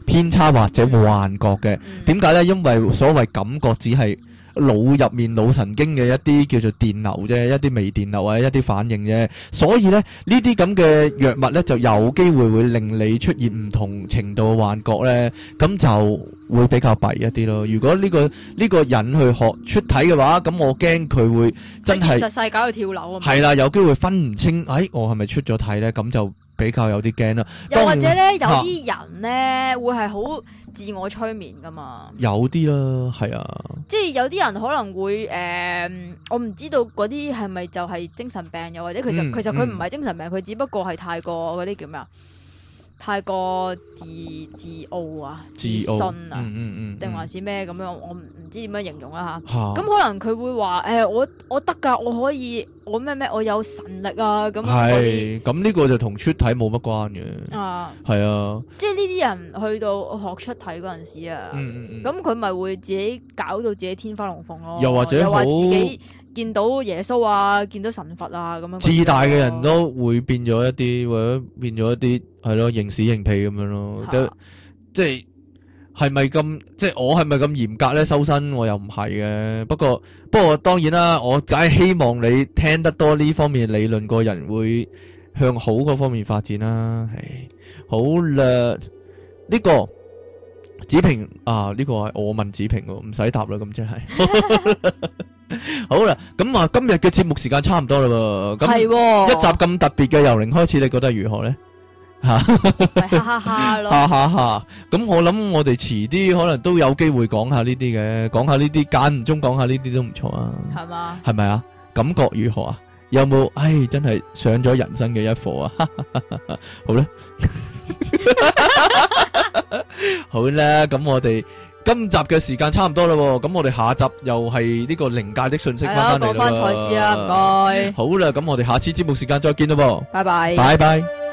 偏差或者幻覺嘅。點解呢？因為所謂感覺只係，腦入面腦神經嘅一啲叫做電流啫，一啲微電流啊，一啲反應啫。所以咧，這這呢啲咁嘅藥物咧，就有機會會令你出現唔同程度嘅幻覺咧，咁就會比較弊一啲咯。如果呢、呢個呢、呢個人去學出體嘅話，咁我驚佢會真係實世搞到跳樓啊！係啦，有機會分唔清，哎，我係咪出咗體咧？咁就。比較有啲驚啦，又或者咧、嗯、有啲人咧會係好自我催眠噶嘛，有啲啦，係啊，啊即係有啲人可能會誒、呃，我唔知道嗰啲係咪就係精、嗯、精神病，又或者其實其實佢唔係精神病，佢只不過係太過嗰啲叫咩啊？太過自自傲啊，自信啊，定還是咩咁樣？我唔唔知點樣形容啦吓。咁可能佢會話：誒，我我得㗎，我可以，我咩咩，我有神力啊！咁，咁呢個就同出體冇乜關嘅。啊，係啊。即係呢啲人去到學出體嗰陣時啊，咁佢咪會自己搞到自己天花龍鳳咯？又或者又話自己好，見到耶穌啊，見到神佛啊，咁樣自大嘅人都會變咗一啲，或者變咗一啲係咯，認屎認屁咁樣咯的。即係係咪咁？即係我係咪咁嚴格咧？修身我又唔係嘅。不過不過當然啦，我梗係希望你聽得多呢方面理論，個人會向好嗰方面發展啦。唉、哎，好啦，呢、這個子平啊，呢、這個係我問子平，唔、啊、使答啦，咁即係。 好啦，咁、嗯、啊，今日嘅節目時間差唔多啦噃，咁、嗯哦、一集咁特別嘅由零開始，你覺得如何咧？吓 哈哈，咯，哈哈哈，咁我諗我哋遲啲可能都有機會講下呢啲嘅，講下呢啲，間唔中講下呢啲都唔錯啊，係嘛嗎？係咪啊？感覺如何啊？有冇？唉，真係上咗人生嘅一課啊！ 好啦，好啦，咁我哋。今集嘅時間差唔多啦，咁我哋下集又係呢個靈界的信息，翻翻嚟啦。係啊，播翻賽事啊，唔該。好啦，咁我哋下次節目時間再見啦噃。拜拜。拜拜 bye。Bye bye